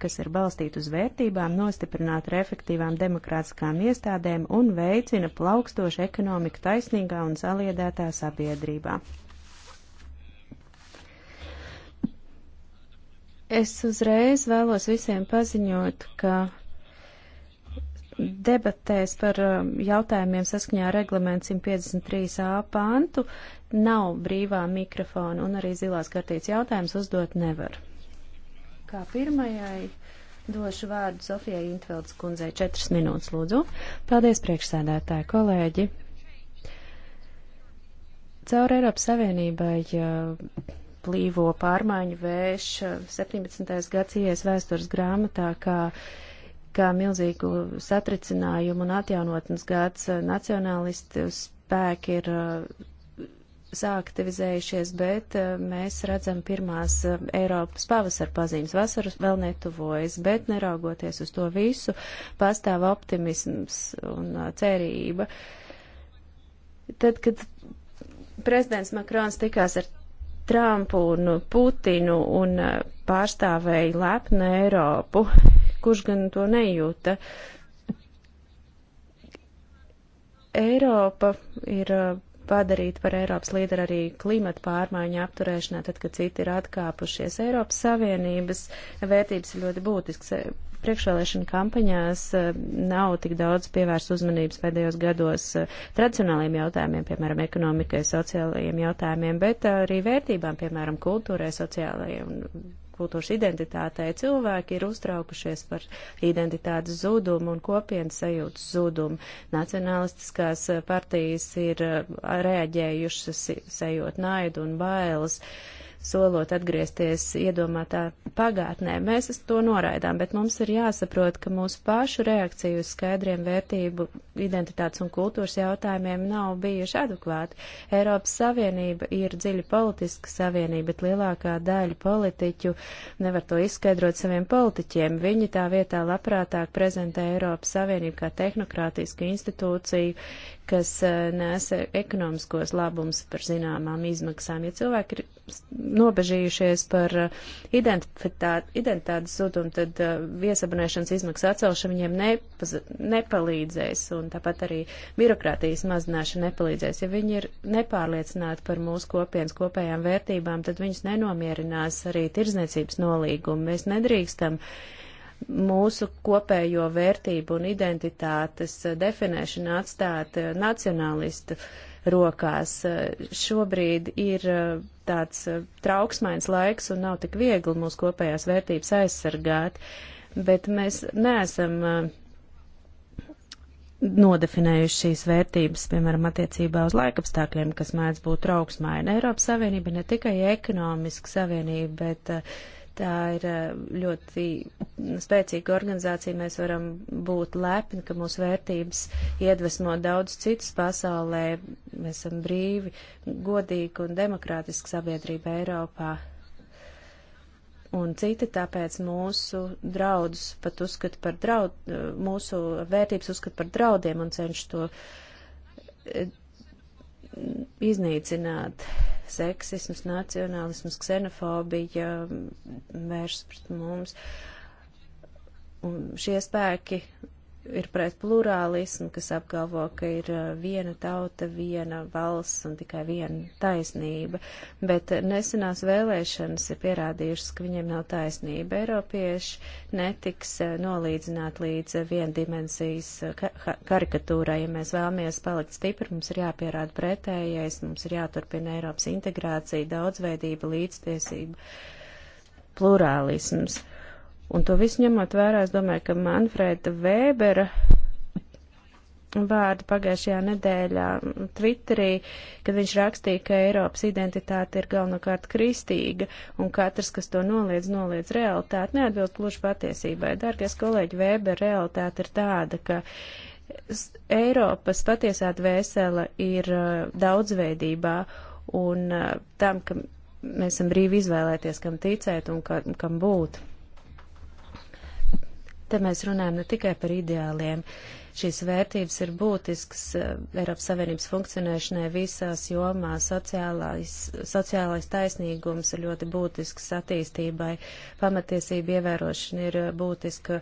kas ir balstīta uz vērtībām, nostiprināta ar efektīvām demokrātiskām iestādēm un veicina plaukstošu ekonomiku taisnīgā un saliedētā sabiedrībā. Es uzreiz vēlos visiem paziņot, ka debatēs par um, jautājumiem saskaņā ar reglamentu 153a pantu nav brīvā mikrofona un arī zilās kartītes jautājums uzdot nevar. Kā pirmajai došu vārdu Sofijai Intveldes kundzei. Četras minūtes, lūdzu. Paldies, priekšsēdētāji, kolēģi. Caur Eiropas Savienībai plīvo pārmaiņu vējš 17. gads ies vēstures grāmatā, kā kā milzīgu satricinājumu un atjaunotnes gads nacionālisti spēki ir sāktivizējušies, bet eh, mēs redzam pirmās eh, Eiropas pavasara pazīmes. Vasaras vēl netuvojas, bet neraugoties uz to visu, pastāv optimisms un eh, cerība. Tad, kad prezidents Makrons tikās ar Trumpu un Putinu un pārstāvēja lepnu Eiropu, kurš gan to nejūta. Eiropa ir padarīt par Eiropas līderu arī klimata pārmaiņu apturēšanā, tad, kad citi ir atkāpušies. Eiropas Savienības vērtības ir ļoti būtisks. Priekšvēlēšana kampaņās eh, nav tik daudz pievērst uzmanības pēdējos gados eh, tradicionāliem jautājumiem, piemēram, ekonomikai, sociālajiem jautājumiem, bet eh, arī vērtībām, piemēram, kultūrai, sociālajiem un kultūras identitātei. Cilvēki ir uztraukušies par identitātes zudumu un kopienas sajūtas zudumu. Nacionalistiskās partijas ir eh, reaģējušas sajūt naidu un bailes. Uh, solot atgriezties iedomātā pagātnē. Mēs to noraidām, bet mums ir jāsaprot, ka mūsu pašu reakcija uz skaidriem vērtību, identitātes un kultūras jautājumiem nav bijuši adekvāti. Eiropas Savienība ir dziļa politiska savienība, bet lielākā daļa politiķu nevar to izskaidrot saviem politiķiem. Viņi tā vietā labprātāk prezentē Eiropas Savienību kā tehnokrātisku institūciju, kas eh, nēsa ekonomiskos labums par zināmām izmaksām. Ja cilvēki ir nobežījušies par eh, identitātes zudumu, tad eh, viesabunēšanas izmaksu atcelšana viņiem nepaz, nepalīdzēs, un tāpat arī birokrātijas mazināšana nepalīdzēs. Ja viņi ir nepārliecināti par mūsu kopienas kopējām vērtībām, tad viņus nenomierinās arī tirzniecības nolīgumi. Mēs nedrīkstam uh, mūsu kopējo vērtību un identitātes definēšanu atstāt eh, nacionalistu rokās. Eh, šobrīd ir eh, tāds trauksmains laiks un nav tik viegli mūsu kopējās vērtības aizsargāt, bet mēs neesam nodefinējuši šīs vērtības, piemēram, attiecībā uz laikapstākļiem, kas mēdz būt trauksmaini. Eiropas Savienība ne tikai ekonomiska savienība, bet uh, Tā ir eh, ļoti spēcīga organizācija. Mēs varam būt lepni, ka mūsu vērtības iedvesmo daudz citus pasaulē. Mēs esam brīvi, godīgi un demokrātiski sabiedrība Eiropā. Un citi tāpēc mūsu draudus pat uzskata par draud, eh, mūsu vērtības uzskata par draudiem un cenš to eh, iznīcināt seksisms, nacionālisms, ksenofobija mm, vēršas pret mums. Un šie spēki ir pret plurālismu, kas apgalvo, ka ir uh, viena tauta, viena valsts un tikai viena taisnība, bet nesenās vēlēšanas ir pierādījušas, ka viņiem nav taisnība. Eiropieši netiks uh, nolīdzināt līdz uh, viendimensijas karikatūrai. Ja mēs vēlamies palikt stipri, mums ir jāpierāda pretējais, mums ir jāturpina Eiropas integrācija, daudzveidība, līdztiesība, plurālisms. Un to visu ņemot vērā, es domāju, ka Manfrēda Vēbera vārdu pagājušajā nedēļā mm, Twitterī, kad viņš rakstīja, ka Eiropas identitāte ir galvenokārt kristīga un katrs, kas to noliedz, noliedz realitāti, neatbilst gluži patiesībai. Dārgais kolēģi Vēber, realitāte ir tāda, ka Eiropas patiesā dvēsele ir uh, daudzveidībā un uh, tam, ka mēs esam brīvi izvēlēties, kam ticēt un ka, kam būt. Te mēs runājam ne tikai par ideāliem. Šīs vērtības ir būtiskas eh, Eiropas Savienības funkcionēšanai visās jomās. Sociālais, sociālais taisnīgums ir ļoti būtisks attīstībai. Pamatiesība ievērošana ir eh, būtiska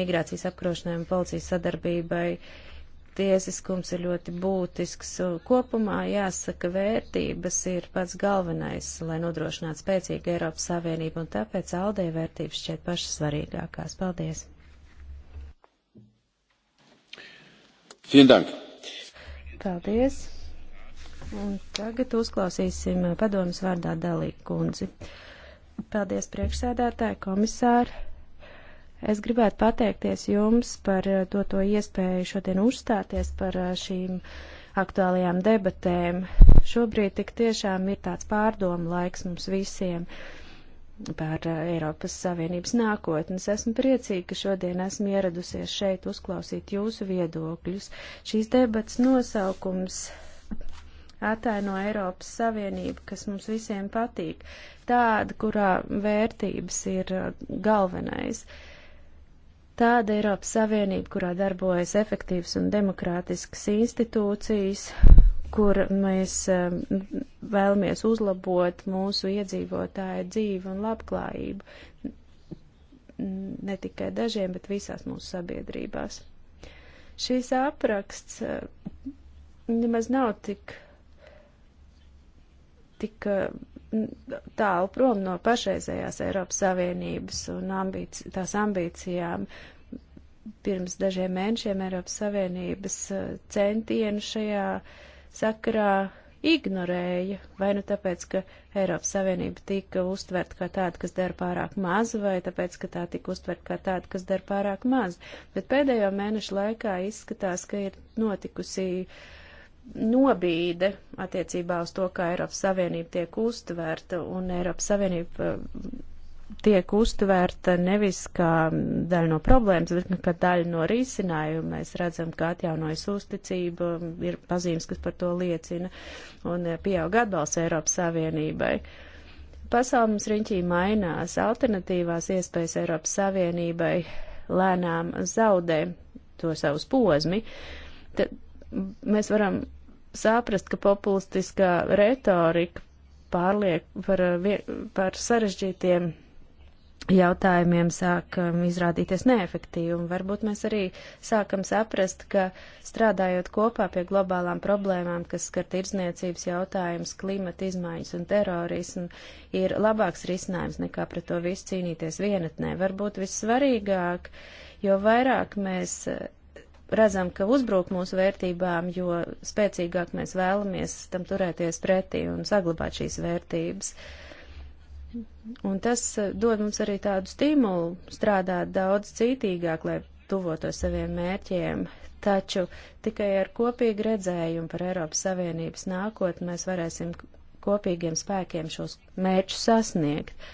migrācijas apkrošanai un policijas sadarbībai. Uh, tiesiskums ir ļoti būtisks. Kopumā jāsaka, vērtības ir pats galvenais, lai nodrošinātu spēcīgu Eiropas Savienību, un tāpēc Aldei vērtības šķiet pašas svarīgākās. Paldies! Paldies! Un tagad uzklausīsim padomas vārdā Dalī kundzi. Paldies priekšsēdētāji, komisāri! Es gribētu pateikties jums par doto eh, iespēju šodien uzstāties par eh, šīm aktuālajām debatēm. Šobrīd tik tiešām ir tāds pārdomu laiks mums visiem par eh, Eiropas Savienības nākotnes. Esmu priecīga, ka šodien esmu ieradusies šeit uzklausīt jūsu viedokļus. Šīs debats nosaukums ataino Eiropas Savienību, kas mums visiem patīk, tāda, kurā vērtības ir galvenais. Uh, Tāda Eiropas Savienība, kurā darbojas efektīvas un demokrātiskas institūcijas, kur mēs um, vēlamies uzlabot mūsu iedzīvotāju dzīvi un labklājību ne tikai dažiem, bet visās mūsu sabiedrībās. Šīs apraksts uh, nemaz nav tik, tik uh, tālu prom no pašreizējās Eiropas Savienības un ambīci, tās ambīcijām. Pirms dažiem mēnešiem Eiropas Savienības eh, centienu šajā sakarā ignorēja, vai nu tāpēc, ka Eiropas Savienība tika uztvert kā tāda, kas dara pārāk maz, vai tāpēc, ka tā tika uztvert kā tāda, kas dara pārāk maz. Bet pēdējo mēnešu laikā izskatās, ka ir notikusi uh, nobīde attiecībā uz to, kā Eiropas Savienība tiek uztverta, un Eiropas Savienība eh, tiek uztvērta nevis kā daļa no problēmas, bet kā daļa no risinājuma. Mēs redzam, ka atjaunojas uzticība, ir pazīmes, kas par to liecina, un eh, pieaug atbalsts Eiropas Savienībai. Pasaule mums riņķī mainās, alternatīvās iespējas Eiropas Savienībai lēnām zaudē to savus pozmi. Tad mēs varam saprast, ka populistiskā retorika pārliek par, eh, par sarežģītiem jautājumiem sāk um, izrādīties neefektīvi, un varbūt mēs arī sākam saprast, ka strādājot kopā pie globālām problēmām, kas skar tirdzniecības jautājumus, klimata izmaiņas un terorismu, ir labāks risinājums nekā pret to visu cīnīties vienatnē. Varbūt vissvarīgāk, jo vairāk mēs redzam, ka uzbruk mūsu vērtībām, jo spēcīgāk mēs vēlamies tam turēties pretī un saglabāt šīs vērtības. Un tas eh, dod mums arī tādu stimulu strādāt daudz cītīgāk, lai tuvotos saviem mērķiem. Taču tikai ar kopīgu redzējumu par Eiropas Savienības nākotni mēs varēsim kopīgiem spēkiem šos mērķus sasniegt.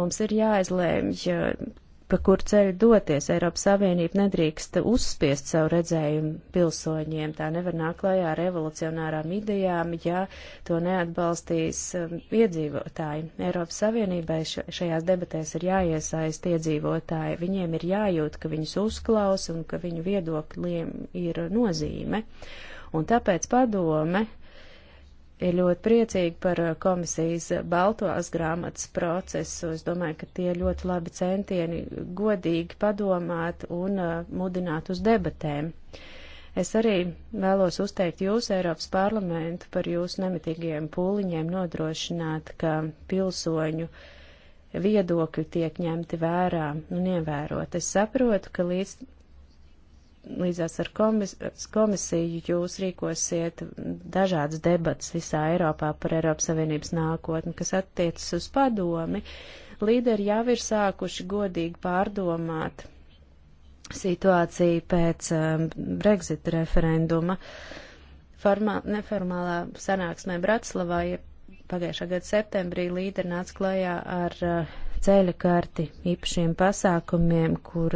Mums ir jāizlēmj, eh, pa kur ceļu doties. Eiropas Savienība nedrīkst uzspiest savu redzējumu pilsoņiem. Tā nevar nākt klajā ar revolucionārām idejām, ja to neatbalstīs um, iedzīvotāji. Eiropas Savienībai šajās debatēs ir jāiesaist iedzīvotāji. Viņiem ir jājūt, ka viņus uzklaus un ka viņu viedokļiem ir nozīme. Un tāpēc padome ir ļoti priecīgi par uh, komisijas baltoās grāmatas procesu. Es domāju, ka tie ļoti labi centieni godīgi padomāt un uh, mudināt uz debatēm. Es arī vēlos uzteikt jūs, Eiropas parlamentu, par jūsu nemitīgiem pūliņiem nodrošināt, ka pilsoņu viedokļi tiek ņemti vērā un ievērot. Es saprotu, ka līdz līdzās ar komis komisiju jūs rīkosiet dažādas debatas visā Eiropā par Eiropas Savienības nākotni, kas attiecas uz padomi. Līderi jau ir sākuši godīgi pārdomāt situāciju pēc um, Brexit referenduma. Formā, neformālā sanāksmē Bratislavā ja pagājušā gada septembrī līderi nāca klajā ar uh, ceļa karti īpašiem pasākumiem, kur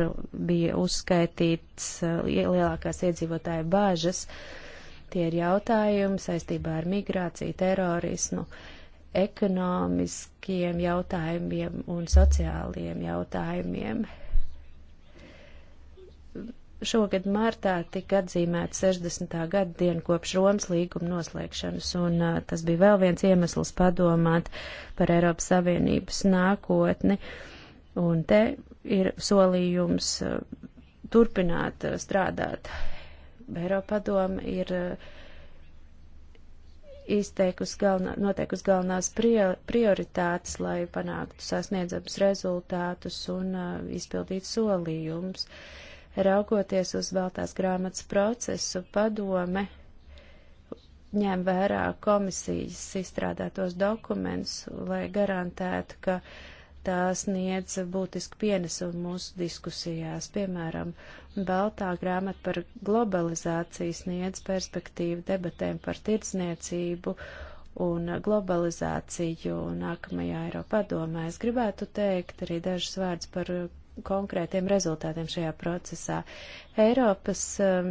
bija uzskaitīts uh, lielākās iedzīvotāju bāžas. Tie ir jautājumi saistībā ar migrāciju, terorismu, ekonomiskiem jautājumiem un sociāliem jautājumiem Šogad martā tika atzīmēta 60. gada diena kopš Romas līguma noslēgšanas, un uh, tas bija vēl viens iemesls padomāt par Eiropas Savienības nākotni. Un te ir solījums uh, turpināt uh, strādāt. Eiropa padoma ir uh, izteikusi galvenā, noteikusi galvenās prioritātes, lai panāktu sasniedzams rezultātus un uh, izpildītu solījumus. Uh, Raugoties uz Baltās grāmatas procesu, padome ņem vērā komisijas izstrādātos dokumentus, lai garantētu, ka tā sniedz būtisku pienesumu mūsu diskusijās. Piemēram, Baltā grāmata par globalizāciju sniedz perspektīvu debatēm par tirdzniecību un globalizāciju nākamajā Eiropadomē. Es gribētu teikt arī dažus vārdus par konkrētiem rezultātiem šajā procesā. Eiropas um,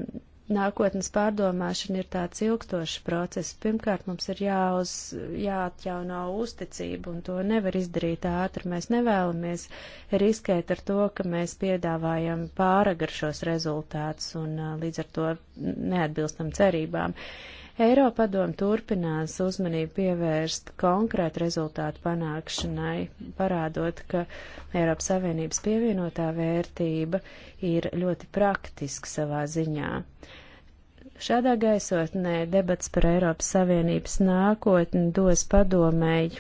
nākotnes pārdomāšana ir tāds ilgstošs process. Pirmkārt, mums ir jāuz, jāatjauno uzticība, un to nevar izdarīt ātri. Mēs nevēlamies riskēt ar to, ka mēs piedāvājam pāragaršos rezultātus un uh, līdz ar to neatbilstam cerībām. Uh, Eiropadoma turpinās uzmanību pievērst konkrētu rezultātu panākšanai, parādot, ka Eiropas Savienības pievienotā vērtība ir ļoti praktiska savā ziņā. Šādā gaisotnē debats par Eiropas Savienības nākotni dos padomēji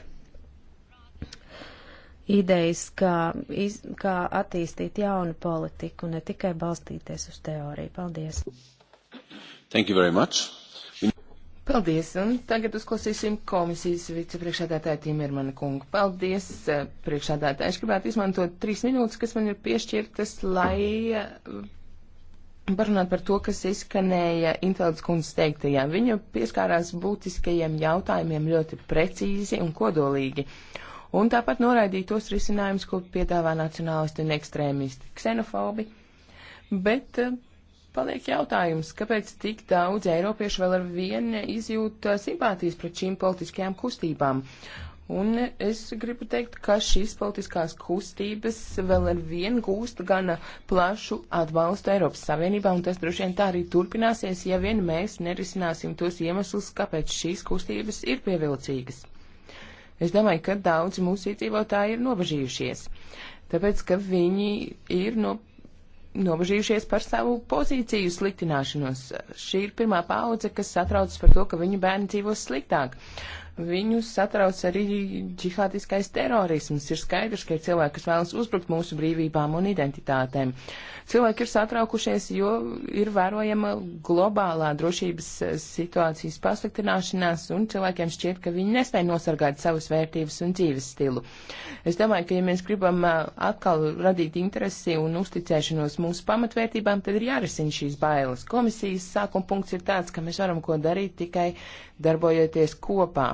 idejas, kā, iz, kā attīstīt jaunu politiku, ne tikai balstīties uz teoriju. Paldies! Thank you very much. Paldies, un tagad uzklausīsim komisijas vicepriekšādātāja Timermana kungu. Paldies, eh, priekšādātāja. Es gribētu izmantot trīs minūtes, kas man ir piešķirtas, lai eh, parunātu par to, kas izskanēja Intelēdas kundzes teiktajā. Viņa pieskārās būtiskajiem jautājumiem ļoti precīzi un kodolīgi. Un tāpat noraidīja tos risinājumus, ko piedāvā nacionālisti un ekstrēmisti - ksenofobi. Bet uh, Paliek jautājums, kāpēc tik daudz eiropiešu vēl ar vienu izjūt uh, simpātijas pret šīm politiskajām kustībām. Un es gribu teikt, ka šīs politiskās kustības vēl ar vienu gūst gana plašu atbalstu Eiropas Savienībā, un tas droši vien tā arī turpināsies, ja vien mēs nerisināsim tos iemeslus, kāpēc šīs kustības ir pievilcīgas. Es domāju, ka daudzi mūsu iedzīvotāji ir nobežījušies, tāpēc, ka viņi ir no nobežījušies par savu pozīciju sliktināšanos. Šī ir pirmā paudze, kas satraucas par to, ka viņu bērni dzīvos sliktāk. Viņus satrauc arī džihādiskais terorisms. Ir skaidrs, ka ir cilvēki, kas vēlas uzbrukt mūsu brīvībām un identitātēm. Cilvēki ir satraukušies, jo ir vērojama globālā drošības situācijas pasliktināšanās, un cilvēkiem šķiet, ka viņi nespēja nosargāt savas vērtības un dzīves stilu. Es domāju, ka ja mēs gribam atkal radīt interesi un uzticēšanos mūsu pamatvērtībām, tad ir jārisina šīs bailes. Komisijas sākuma punkts ir tāds, ka mēs varam ko darīt tikai darbojoties kopā,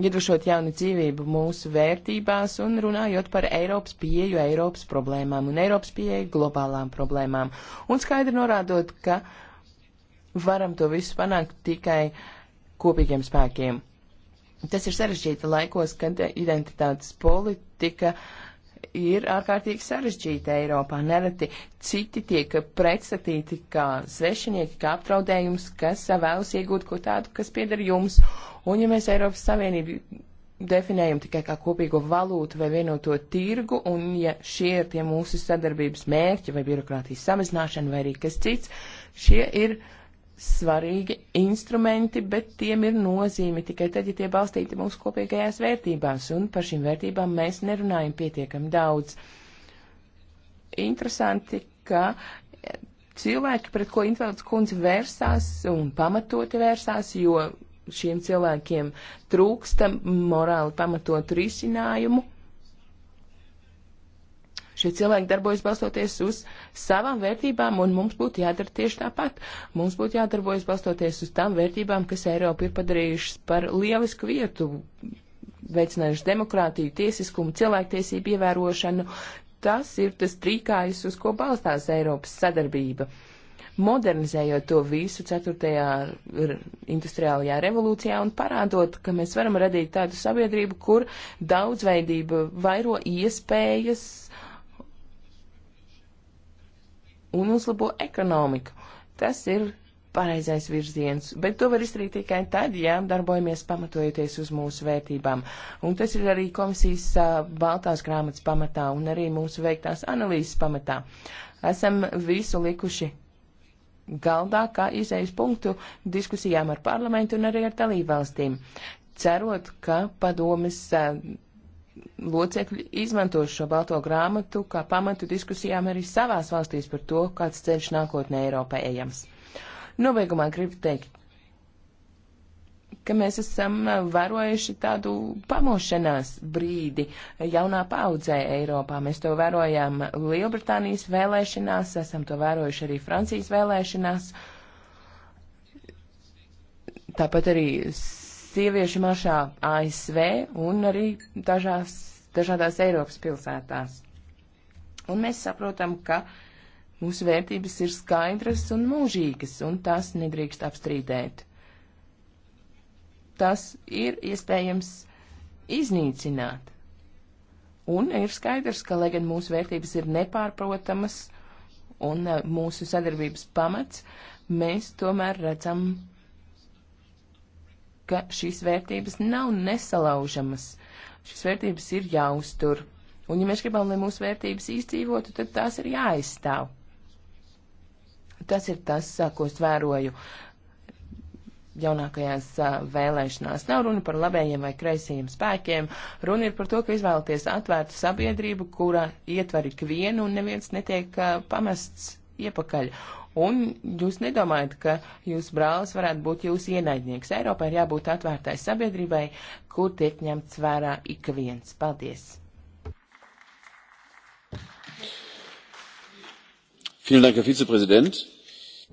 iedrošot jaunu dzīvību mūsu vērtībās un runājot par Eiropas pieeju Eiropas problēmām un Eiropas pieeju globālām problēmām. Un skaidri norādot, ka varam to visu panākt tikai kopīgiem spēkiem. Tas ir sarežģīti laikos, kad identitātes politika uh, ir ārkārtīgi sarežģīta Eiropā. Nereti citi tiek pretstatīti kā svešinieki, kā aptraudējums, kas vēlas iegūt ko tādu, kas pieder jums. Un ja mēs Eiropas Savienību definējam tikai kā kopīgo valūtu vai vienoto tirgu, un ja šie ir tie mūsu sadarbības mērķi vai birokrātijas samazināšana vai arī kas cits, šie ir svarīgi instrumenti, bet tiem ir nozīme tikai tad, ja tie balstīti mūsu kopīgajās vērtībās, un par šīm vērtībām mēs nerunājam pietiekami daudz. Interesanti, ka cilvēki, pret ko Intvelds kundze vērsās un pamatoti vērsās, jo šiem cilvēkiem trūksta morāli pamatotu risinājumu, Šie cilvēki darbojas balstoties uz savām vērtībām, un mums būtu jādara tieši tāpat. Mums būtu jādarbojas balstoties uz tām vērtībām, kas Eiropu ir padarījušas par lielisku vietu, veicinājuši demokrātiju, tiesiskumu, cilvēktiesību ievērošanu. Tas ir tas trīkājs, uz ko balstās Eiropas sadarbība modernizējot to visu 4. industriālajā revolūcijā un parādot, ka mēs varam radīt tādu sabiedrību, kur daudzveidība vairo iespējas un uzlabo ekonomiku. Tas ir pareizais virziens, bet to var izdarīt tikai tad, ja darbojamies pamatojoties uz mūsu vērtībām. Un tas ir arī komisijas uh, baltās grāmatas pamatā un arī mūsu veiktās analīzes pamatā. Esam visu likuši galdā kā izējas punktu diskusijām ar parlamentu un arī ar dalībvalstīm, cerot, ka padomis uh, locekļi izmanto šo balto grāmatu kā pamatu diskusijām arī savās valstīs par to, kāds ceļš nākotnē Eiropai ejams. Nobeigumā gribu teikt, ka mēs esam vērojuši tādu pamošanās brīdi jaunā paudzē Eiropā. Mēs to vērojām Lielbritānijas vēlēšanās, esam to vērojuši arī Francijas vēlēšanās, tāpat arī sieviešu maršā ASV un arī dažās, dažādās Eiropas pilsētās. Un mēs saprotam, ka mūsu vērtības ir skaidras un mūžīgas, un tās nedrīkst apstrīdēt. Tas ir iespējams iznīcināt. Un ir skaidrs, ka, lai gan mūsu vērtības ir nepārprotamas un eh, mūsu sadarbības pamats, mēs tomēr redzam ka šīs vērtības nav nesalaužamas. Šīs vērtības ir jāuztur. Un ja mēs gribam, lai mūsu vērtības izdzīvotu, tad tās ir jāaizstāv. Tas ir tas, ko es vēroju jaunākajās vēlēšanās. Nav runa par labējiem vai kreisajiem spēkiem. Runa ir par to, ka izvēlaties atvērtu sabiedrību, kurā ietver ikvienu un neviens netiek pamests iepakaļ. Un jūs nedomājat, ka jūsu brālis varētu būt jūsu ienaidnieks. Eiropā ir jābūt atvērtai sabiedrībai, kur tiek ņemts vērā ik viens. Paldies!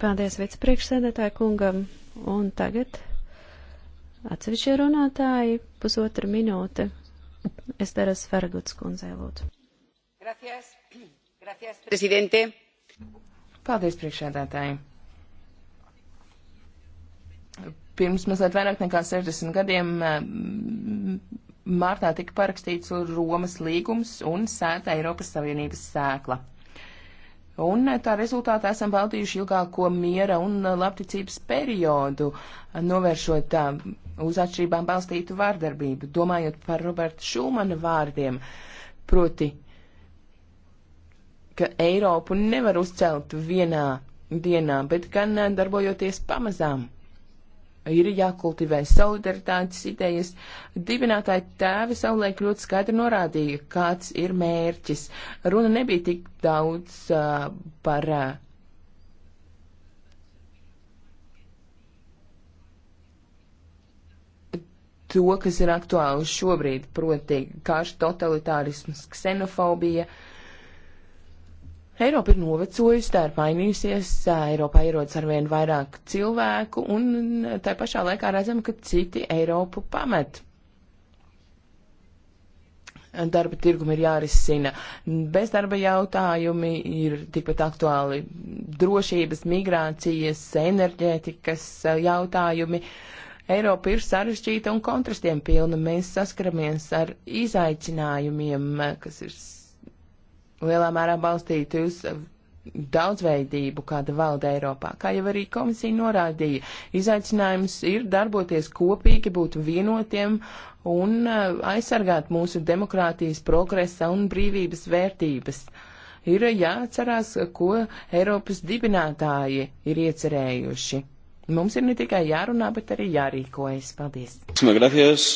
Paldies vicepriekšsēdētāju kungam. Un tagad atsevišķie runātāji pusotra minūte. Es daru Sverguts kundzei lūdzu. Gracias. Gracias, presidente. Paldies priekšēdētāji. Pirms mazliet vairāk nekā 60 gadiem mārtā mm, tika parakstīts Romas līgums un sēta Eiropas Savienības sēkla. Un tā rezultātā esam baudījuši ilgāko miera un labticības periodu, novēršot tā, uz atšķirībām balstītu vārdarbību, domājot par Roberta Šūmana vārdiem, proti ka Eiropu nevar uzcelt vienā dienā, bet gan eh, darbojoties pamazām. Ir jākultivē solidaritātes idejas. Dibinātāja tēvi savulaik ļoti skaidri norādīja, kāds ir mērķis. Runa nebija tik daudz uh, par. Uh, To, kas ir aktuāli šobrīd, proti, karš, totalitārisms, ksenofobija, uh, Eiropa ir novecojusi, tā ir mainījusies, Eiropā ierodas arvien vairāk cilvēku, un tā pašā laikā redzam, ka citi Eiropu pamet. Darba tirgumi ir jārisina. Bezdarba jautājumi ir tikpat aktuāli drošības, migrācijas, enerģētikas jautājumi. Eiropa ir sarežģīta un kontrastiem pilna. Mēs saskaramies ar izaicinājumiem, kas ir lielā mērā balstīti uz daudzveidību, kāda valda Eiropā. Kā jau arī komisija norādīja, izaicinājums ir darboties kopīgi, būt vienotiem un uh, aizsargāt mūsu demokrātijas progresa un brīvības vērtības. Ir jāatcerās, ko Eiropas dibinātāji ir iecerējuši. Mums ir ne tikai jārunā, bet arī jārīkojas. Paldies! Paldies!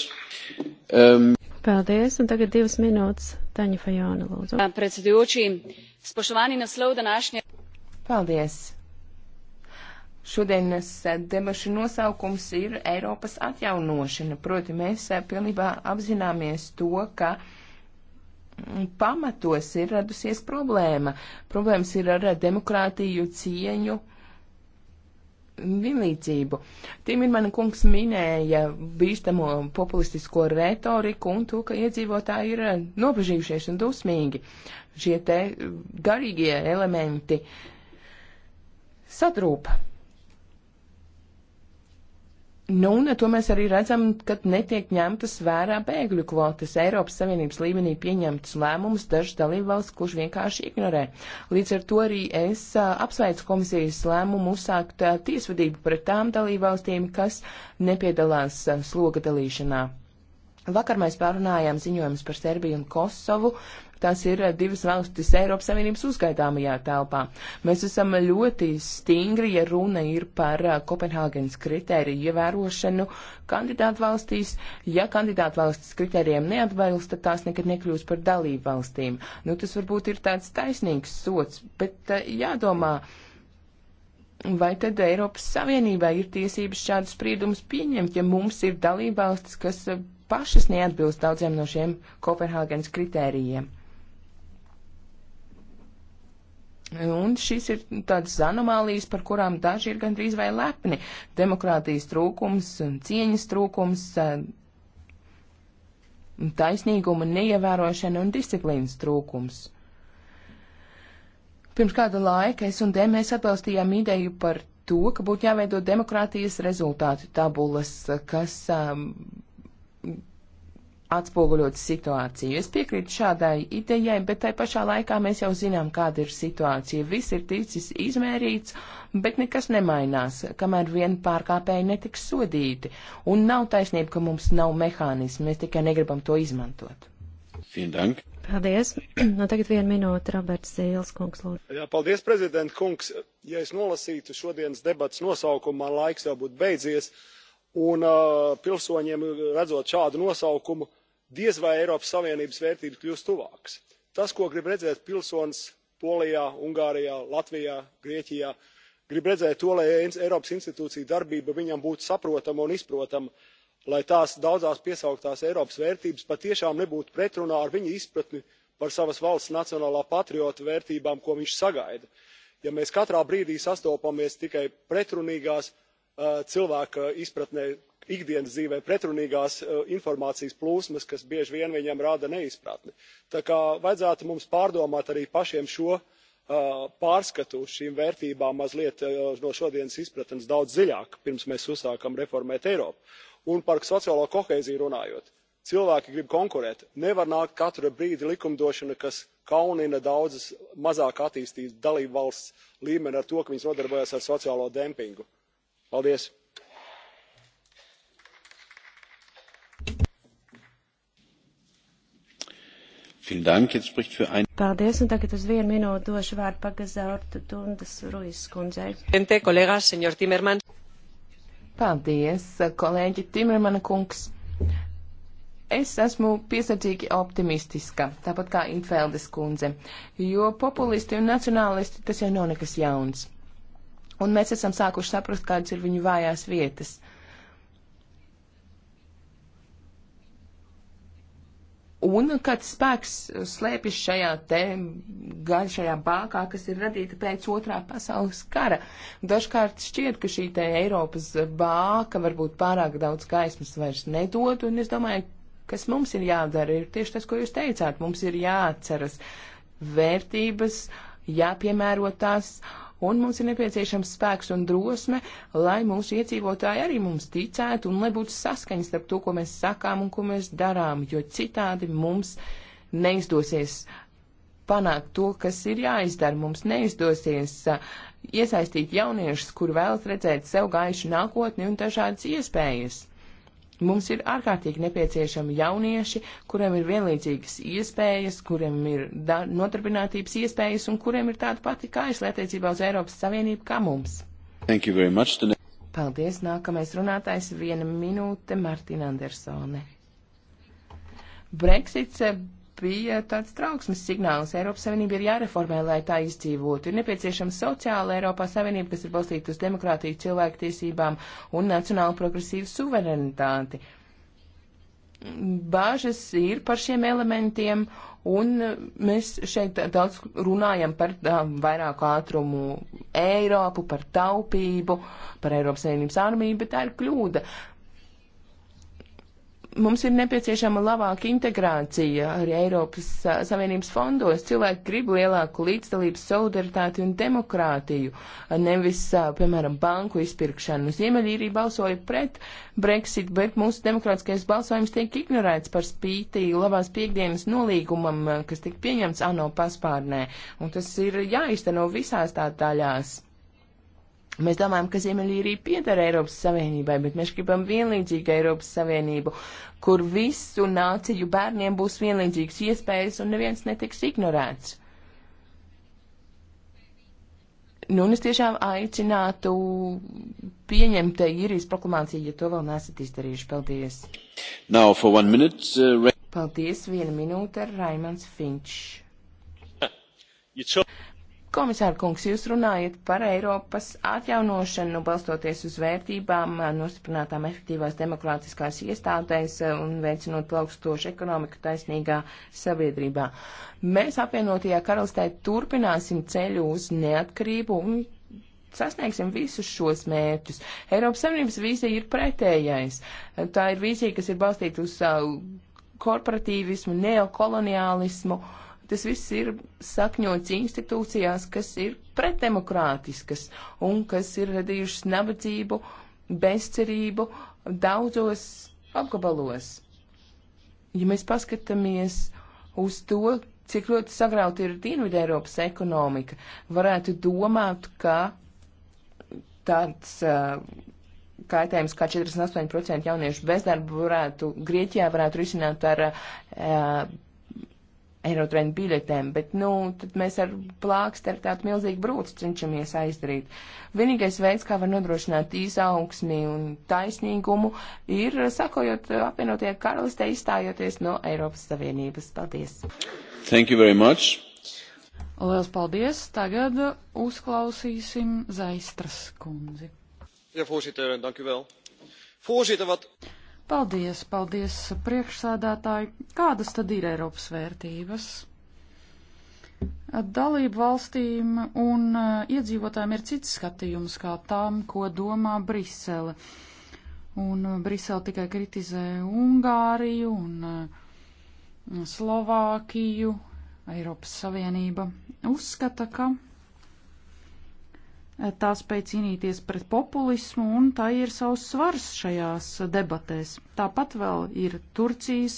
Um... Paldies, un tagad divas minūtes Taņa Fajona, lūdzu. Predsedujoči, spoštovani naslov današnje. Paldies. Šodienas eh, debašu nosaukums ir Eiropas atjaunošana. Proti, mēs eh, pilnībā apzināmies to, ka mm, pamatos ir radusies problēma. Problēmas ir ar eh, demokrātiju, cieņu vienlīdzību. Timirmana kungs minēja bīstamo populistisko retoriku un to, ka iedzīvotāji ir eh, nobežījušies un dusmīgi. Šie te eh, garīgie elementi sadrūpa. Nu, un to mēs arī redzam, kad netiek ņemtas vērā bēgļu kvotas. Eiropas Savienības līmenī pieņemtas lēmumus dažas dalībvalsts, kurš vienkārši ignorē. Līdz ar to arī es a, apsveicu komisijas lēmumu uzsākt a, tiesvedību pret tām dalībvalstīm, kas nepiedalās a, sloga dalīšanā. Vakar mēs pārunājām ziņojumus par Serbiju un Kosovu. Tās ir eh, divas valstis Eiropas Savienības uzskaitāmajā telpā. Mēs esam ļoti stingri, ja runa ir par eh, Kopenhāgenes kritēriju ievērošanu kandidātu valstīs. Ja kandidātu valstis kritērijiem neatbilst, tad tās nekad nekļūs par dalību valstīm. Nu, tas varbūt ir tāds taisnīgs sots, bet eh, jādomā. Vai tad Eiropas Savienībai ir tiesības šādus spriedumus pieņemt, ja mums ir dalībvalstis, kas pašas neatbilst daudziem no šiem Kopenhāgenes kritērijiem. Un šis ir tāds anomālijas, par kurām daži ir gandrīz vai lepni. Demokrātijas trūkums, cieņas trūkums, taisnīguma neievērošana un disciplīnas trūkums. Pirms kāda laika es un Dēmēs atbalstījām ideju par to, ka būtu jāveido demokrātijas rezultātu tabulas, kas um, atspoguļot situāciju. Es piekrītu šādai idejai, bet tai pašā laikā mēs jau zinām, kāda ir situācija. Viss ir ticis izmērīts, bet nekas nemainās, kamēr vien pārkāpēji netiks sodīti. Un nav taisnība, ka mums nav mehānismu, mēs tikai negribam to izmantot. Dank. Paldies. no nu, tagad vienu minūti, Roberts Zīles kungs. Lūdzu. Jā, paldies, prezident kungs. Ja es nolasītu šodienas debats nosaukumā, laiks jau būtu beidzies un pilsoņiem redzot šādu nosaukumu diez vai eiropas savienības vērtības kļūst tuvākas. tas ko grib redzēt pilsonis polijā ungārijā latvijā grieķijā grib redzēt to lai eiropas institūciju darbība viņam būtu saprotama un izprotama lai tās daudzās piesauktās eiropas vērtības patiešām nebūtu pretrunā ar viņa izpratni par savas valsts nacionālā patriota vērtībām ko viņš sagaida. ja mēs katrā brīdī sastopamies tikai pretrunīgās cilvēka izpratnē ikdienas dzīvē pretrunīgās informācijas plūsmas kas bieži vien viņam rada neizpratni. tā kā vajadzētu mums pārdomāt arī pašiem šo pārskatu šīm vērtībām mazliet no šodienas izpratnes daudz dziļāk pirms mēs uzsākam reformēt eiropu. un par sociālo kohēziju runājot cilvēki grib konkurēt nevar nākt katru brīdi likumdošana kas kaunina daudzas mazāk attīstītas dalībvalstis līmeni ar to ka viņas nodarbojas ar sociālo dempingu. Paldies! Paldies, un tagad uz vienu minūtu došu vārdu pagazaurtu Tundas Ruijas kundzei. Paldies, kolēģi Timermana kungs. Es esmu piesardzīgi optimistiska, tāpat kā Intveldes kundze, jo populisti un nacionālisti tas jau nav nekas jauns. Un mēs esam sākuši saprast, kādas ir viņu vājās vietas. Un kāds spēks slēpjas šajā te gaļšajā bākā, kas ir radīta pēc otrā pasaules kara. Dažkārt šķiet, ka šī te Eiropas bāka varbūt pārāk daudz gaismas vairs nedod, un es domāju, kas mums ir jādara, ir tieši tas, ko jūs teicāt. Mums ir jāatceras vērtības, jāpiemērotās. tās un mums ir nepieciešams spēks un drosme, lai mūsu iedzīvotāji arī mums ticētu un lai būtu saskaņas starp to, ko mēs sakām un ko mēs darām, jo citādi mums neizdosies panākt to, kas ir jāizdara. Mums neizdosies uh, iesaistīt jauniešus, kur vēlas redzēt sev gaišu nākotni un dažādas iespējas. Mums ir ārkārtīgi nepieciešami jaunieši, kuriem ir vienlīdzīgas iespējas, kuriem ir notarbinātības iespējas un kuriem ir tāda pati kājas attiecībā uz Eiropas Savienību kā mums. Paldies, nākamais runātājs viena minūte Martina Andersone. Brexits eh, bija tāds trauksmes signāls. Eiropas Savienība ir jāreformē, lai tā izdzīvotu. Ir nepieciešama sociāla Eiropas Savienība, kas ir balstīta uz demokrātiju, cilvēktiesībām un nacionālu progresīvu suverenitāti. Bāžas ir par šiem elementiem, un mēs šeit daudz runājam par tā, vairāku ātrumu Eiropu, par taupību, par Eiropas Savienības armiju, bet tā ir kļūda. Uh, mums ir nepieciešama labāka integrācija arī Eiropas Savienības fondos. Cilvēki grib lielāku līdzdalību, solidaritāti un demokrātiju, nevis, piemēram, banku izpirkšanu. Ziemeļīrija balsoja pret Brexit, bet mūsu demokrātiskais balsojums tiek ignorēts par spīti labās piekdienas nolīgumam, kas tika pieņemts ANO paspārnē. Un tas ir jāizteno visās tā daļās. Mēs domājam, ka Ziemeļīrija pieder Eiropas Savienībai, bet mēs gribam vienlīdzīgu Eiropas Savienību, kur visu nāciju bērniem būs vienlīdzīgas iespējas un neviens netiks ignorēts. Nu, un es tiešām aicinātu pieņemt te īrijas proklamāciju, ja to vēl nesat izdarījuši. Paldies! Now for one minute, uh, Paldies, viena minūte, Raimans Finčs. Yeah. Komisāra kungs, jūs runājat par Eiropas atjaunošanu, balstoties uz vērtībām, nostiprinātām efektīvās demokrātiskās iestādēs un veicinot plaukstošu ekonomiku taisnīgā sabiedrībā. Mēs apvienotajā karalistē turpināsim ceļu uz neatkarību un sasniegsim visus šos mērķus. Eiropas Savienības vīzija ir pretējais. Tā ir vīzija, kas ir balstīta uz uh, korporatīvismu, neokoloniālismu. Uh, Tas viss ir sakņots institūcijās, kas ir pretdemokrātiskas un kas ir radījušas nabadzību, bezcerību daudzos apgabalos. Ja mēs paskatāmies uz to, cik ļoti sagrauta ir Dienvidē Eiropas ekonomika, varētu domāt, ka tāds uh, kaitējums kā 48% jauniešu bezdarbu varētu Grieķijā varētu risināt ar uh, Eirotrēnu biļetēm, bet, nu, tad mēs ar plākstu ar tādu milzīgu brūci cenšamies aizdarīt. Vienīgais veids, kā var nodrošināt izaugsmi un taisnīgumu, ir sakojot eh, apvienotie karalistē izstājoties no Eiropas Savienības. Paldies! Thank you very much! Lielas paldies! Tagad uzklausīsim Zaistras kundzi. Ja, voorzitter, dank u wel. Voorzitter, wat... Paldies, paldies, priekšsādātāji. Kādas tad ir Eiropas vērtības? Dalību valstīm un uh, iedzīvotājiem ir cits skatījums kā tām, ko domā Brisele. Un uh, Brisele tikai kritizē Ungāriju un uh, Slovākiju. Eiropas Savienība uzskata, ka tā spēj cīnīties pret populismu, un tā ir savs svars šajās debatēs. Tāpat vēl ir Turcijas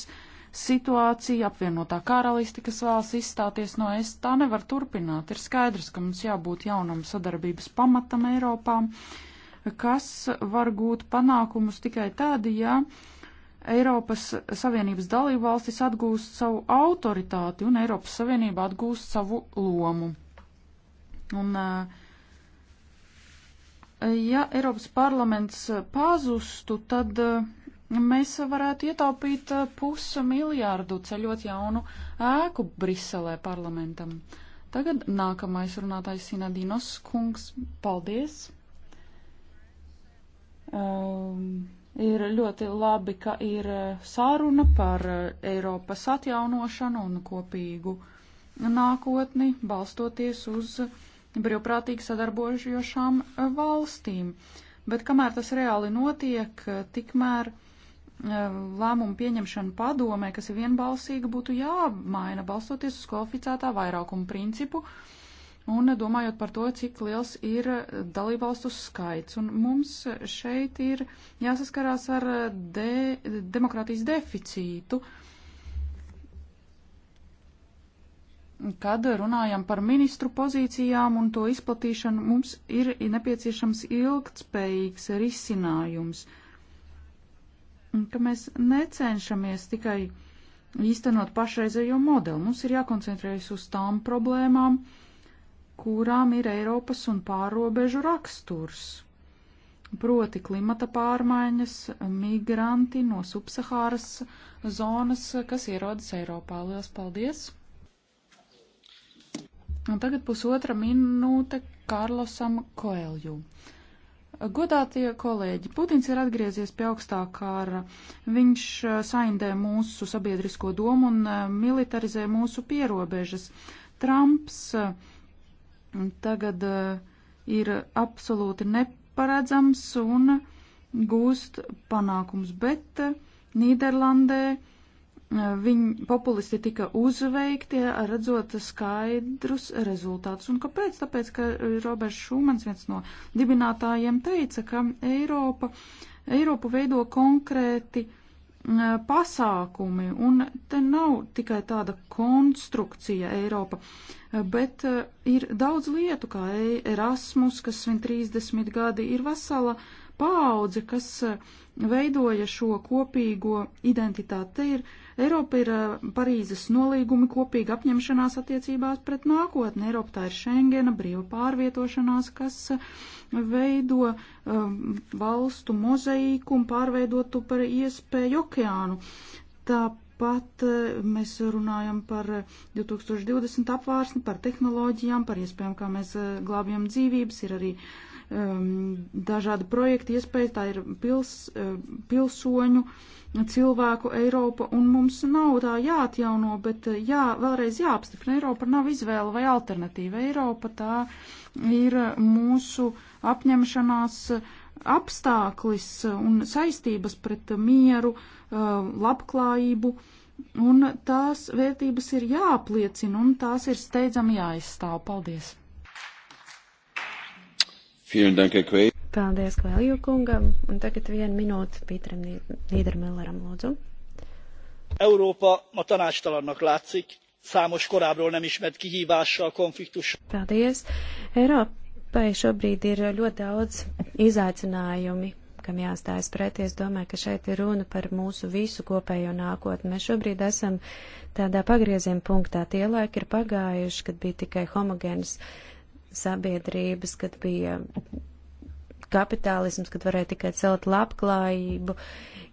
situācija, apvienotā karaliste, kas vēlas izstāties no es, tā nevar turpināt. Ir skaidrs, ka mums jābūt jaunam sadarbības pamatam Eiropā, kas var gūt panākumus tikai tādi, ja Eiropas Savienības dalībvalstis atgūst savu autoritāti un Eiropas Savienība atgūst savu lomu. Un, uh, ja Eiropas parlaments pazustu, tad eh, mēs varētu ietaupīt eh, pusu miljārdu ceļot jaunu ēku Briselē parlamentam. Tagad nākamais runātājs Sinadinos kungs. Paldies! Um, ir ļoti labi, ka ir eh, sāruna par Eiropas atjaunošanu un kopīgu nākotni, balstoties uz uh, brīvprātīgi sadarbojošām eh, valstīm. Bet kamēr tas reāli notiek, eh, tikmēr eh, lēmumu pieņemšana padomē, kas ir vienbalsīga, būtu jāmaina balstoties uz kvalificētā vairākuma principu un domājot par to, cik liels ir dalībvalstu skaits. Un mums šeit ir jāsaskarās ar de demokrātijas deficītu. Uh, kad runājam par ministru pozīcijām un to izplatīšanu, mums ir nepieciešams ilgtspējīgs risinājums, ka mēs necenšamies tikai īstenot pašreizējo modeli. Mums ir jākoncentrējas uz tām problēmām, kurām ir Eiropas un pārobežu raksturs. Proti klimata pārmaiņas, migranti no subsahāras zonas, kas ierodas Eiropā. Lielas paldies! Un tagad pusotra minūte Karlosam Koelju. Godātie kolēģi, Putins ir atgriezies pie augstā kara. Viņš eh, saindē mūsu sabiedrisko domu un eh, militarizē mūsu pierobežas. Trumps eh, tagad ir absolūti neparedzams un gūst panākums, bet Nīderlandē Viņi populisti tika uzveikti, redzot skaidrus rezultātus. Un kāpēc? Tāpēc, ka Roberts Šumans, viens no dibinātājiem, teica, ka Eiropa, Eiropu veido konkrēti pasākumi, un te nav tikai tāda konstrukcija Eiropa, bet e, ir daudz lietu, kā Erasmus, kas svin 30 gadi, ir vesela uh, paudze, kas eh, veidoja šo kopīgo identitāti. Te ir Eiropa ir eh, Parīzes nolīgumi kopīga apņemšanās attiecībās pret nākotni. Eiropa tā ir Schengena, brīva pārvietošanās, kas eh, veido um, valstu mozaīku un pārveidotu par iespēju okeānu. Tāpat mēs runājam par 2020 apvārsni, par tehnoloģijām, par iespējām, kā mēs glābjam dzīvības. Ir arī uh, um, dažādi projekti, iespējas, tā ir pils, uh, pilsoņu, cilvēku Eiropa, un mums nav tā jāatjauno, bet uh, jā, vēlreiz jāapstiprina, Eiropa nav izvēle vai alternatīva. Eiropa tā ir mūsu apņemšanās apstāklis un saistības pret mieru, uh, labklājību. Un tās vērtības ir jāapliecina, un tās ir steidzami jāizstāv. Paldies! Paldies Kvēlju kungam, un tagad vienu minūti Pīteram Niedermilleram, lūdzu. Európa ma tanácstalannak látszik, számos korábbról nem ismert kihívással, konfliktussal. Paldies. Eiropai šobrīd ir ļoti daudz izaicinājumi, kam jāstājas pretī. Es domāju, ka šeit ir runa par mūsu visu kopējo nākotni. Mēs šobrīd esam tādā pagrieziena punktā. Tie laiki ir pagājuši, kad bija tikai homogēnas sabiedrības, kad bija kapitālisms, kad varēja tikai celt labklājību. Uh,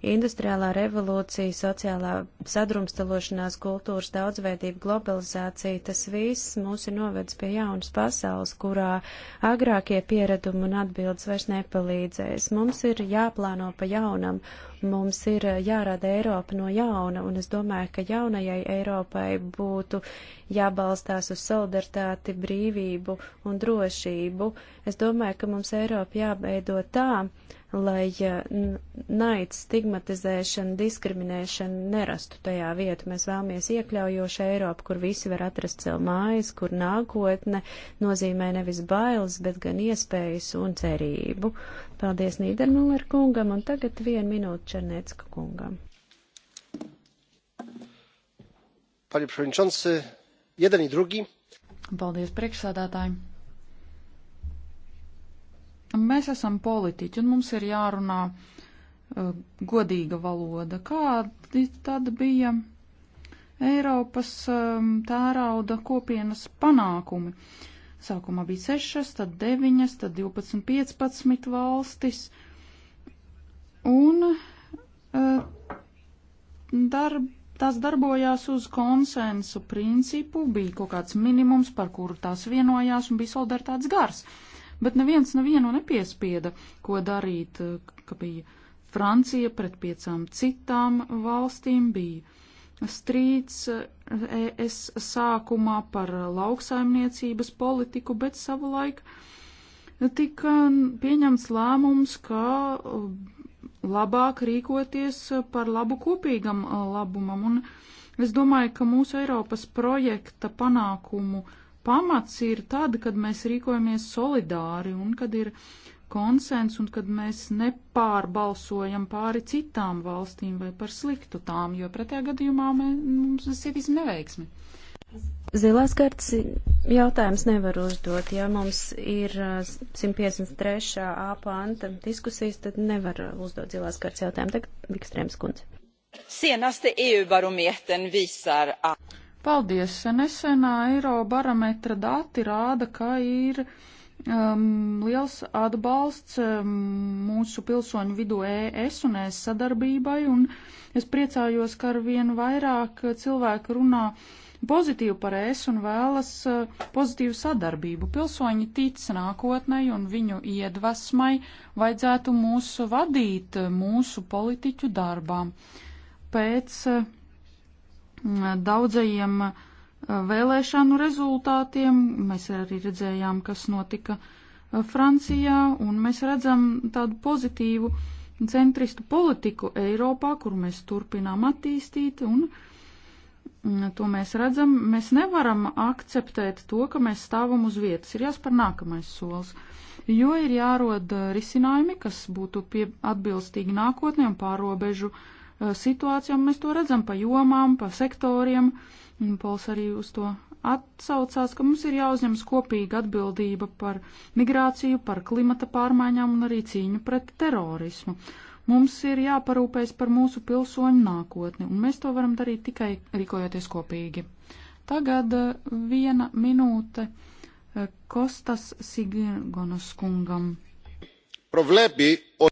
Industriālā revolūcija, sociālā sadrumstalošanās, kultūras daudzveidība, globalizācija, tas viss mūs ir novedis pie jaunas pasaules, kurā agrākie pieredumi un atbildes vairs nepalīdzēs. Mums ir jāplāno pa jaunam, mums ir jārada Eiropa no jauna, un es domāju, ka jaunajai Eiropai būtu jābalstās uz solidaritāti, brīvību un drošību. Es domāju, ka mums Eiropa jābeido tā, lai naids, stigmatizēšana, diskriminēšana nerastu tajā vietu. Mēs vēlamies iekļaujošu Eiropu, kur visi var atrast sev mājas, kur nākotne nozīmē nevis bailes, bet gan iespējas un cerību. Paldies Nīdermuller kungam un tagad vienu minūtu Černecka kungam. Paldies priekšsādātājiem! Mēs esam politiķi, un mums ir jārunā uh, godīga valoda. Kādi tad bija Eiropas um, tērauda kopienas panākumi? Sākumā bija sešas, tad deviņas, tad 12, 15 valstis. Un uh, eh, darb, tās darbojās uz konsensu principu, bija kaut kāds minimums, par kuru tās vienojās, un bija solidaritātes gars. Uh, bet neviens nevienu nepiespieda, ko darīt, ka bija Francija pret piecām citām valstīm, bija strīds eh, es sākumā par lauksaimniecības politiku, bet savulaik tika pieņemts lēmums, ka eh, labāk rīkoties par labu kopīgam eh, labumam. Un es domāju, ka mūsu Eiropas projekta panākumu uh, pamats ir tad, kad mēs rīkojamies solidāri un kad ir konsens un kad mēs nepārbalsojam pāri citām valstīm vai par sliktu tām, jo pretējā gadījumā mē, mums tas ir neveiksmi. Zilās kartas jautājums nevar uzdot. Ja mums ir 153. Uh, a panta diskusijas, tad nevar uzdot zilās kartas jautājumu. Tagad Vikstrēms kundze. Senaste EU-barometern visar att Paldies! Nesenā Eirobarometra dati rāda, ka ir um, liels atbalsts um, mūsu pilsoņu vidū ES un ES sadarbībai, un es priecājos, ka arvien vairāk cilvēku runā pozitīvi par ES un vēlas uh, pozitīvu sadarbību. Pilsoņi tic nākotnei un viņu iedvesmai vajadzētu mūs vadīt uh, mūsu politiķu darbām. Pēc uh, daudzajiem eh, vēlēšanu rezultātiem. Mēs arī redzējām, kas notika eh, Francijā, un mēs redzam tādu pozitīvu centristu politiku Eiropā, kur mēs turpinām attīstīt, un mm, to mēs redzam. Mēs nevaram akceptēt to, ka mēs stāvam uz vietas. Ir jāspēr nākamais solis, jo ir jārod eh, risinājumi, kas būtu pie, atbilstīgi nākotnē un pārobežu uh, situāciju, un mēs to redzam pa jomām, pa sektoriem. Pols arī uz to atsaucās, ka mums ir jāuzņemas kopīga atbildība par migrāciju, par klimata pārmaiņām un arī cīņu pret terorismu. Mums ir jāparūpēs par mūsu pilsoņu nākotni, un mēs to varam darīt tikai rīkojoties kopīgi. Tagad eh, viena minūte eh, Kostas Sigirgonas kungam. Provlepi, o...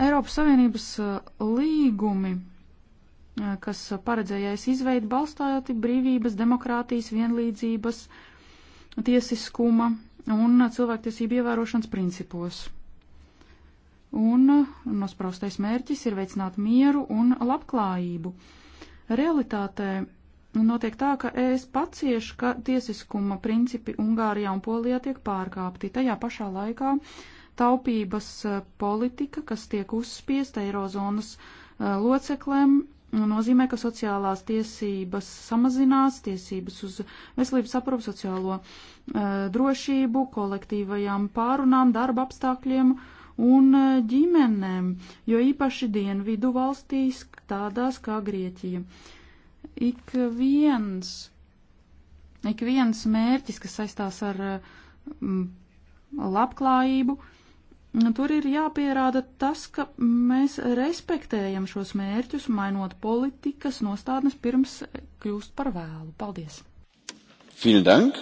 Eiropas Savienības uh, līgumi, uh, kas paredzējais izveidi balstājoti brīvības, demokrātijas, vienlīdzības, tiesiskuma un cilvēktiesību ievērošanas principos. Un uh, nospraustais mērķis ir veicināt mieru un labklājību. Realitātē notiek tā, ka es paciešu, ka tiesiskuma principi Ungārijā un Polijā tiek pārkāpti. Tajā pašā laikā uh, taupības eh, politika, kas tiek uzspiesta Eirozonas eh, locekliem, nozīmē, ka sociālās tiesības samazinās, tiesības uz veselības aprūpu, sociālo eh, drošību, kolektīvajām pārunām, darba apstākļiem un ģimenēm, jo īpaši dienvidu valstīs, tādās kā Grieķija. Ik viens, ik viens mērķis, kas saistās ar labklājību, uh, Nu, tur ir jāpierāda tas, ka mēs respektējam šos mērķus, mainot politikas nostādnes pirms kļūst par vēlu. Paldies! Vielen Dank!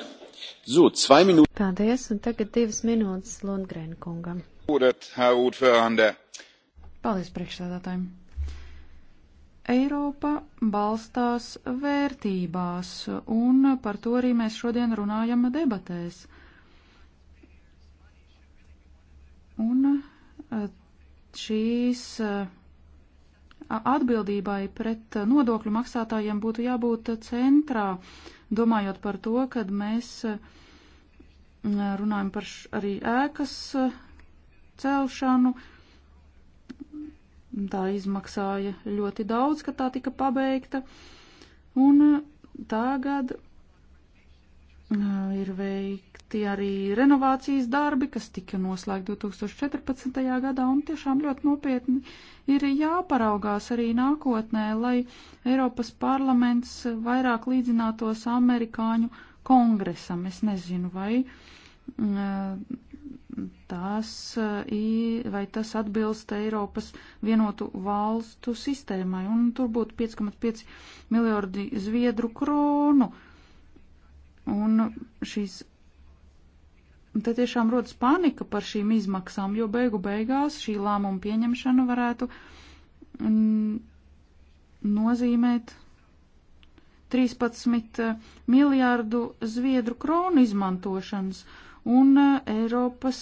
So, zwei Minuten. Paldies, un tagad divas minūtes Lundgren kungam. Paldies priekšsēdātājiem! Eiropa balstās vērtībās, un par to arī mēs šodien runājam debatēs. Un eh, šīs eh, atbildībai pret nodokļu maksātājiem būtu jābūt centrā, domājot par to, kad mēs eh, runājam par arī ēkas celšanu. Tā izmaksāja ļoti daudz, kad tā tika pabeigta. Un tagad Ir veikti arī renovācijas darbi, kas tika noslēgti 2014. gadā, un tiešām ļoti nopietni ir jāparaugās arī nākotnē, lai Eiropas parlaments vairāk līdzinātos amerikāņu kongresam. Es nezinu, vai tas, vai tas atbilst Eiropas vienotu valstu sistēmai, un tur būtu 5,5 miljardi zviedru kronu Un šīs Tad tiešām rodas panika par šīm izmaksām, jo beigu beigās šī lēmuma pieņemšana varētu mm, nozīmēt 13 eh, miljārdu zviedru kronu izmantošanas, un eh, Eiropas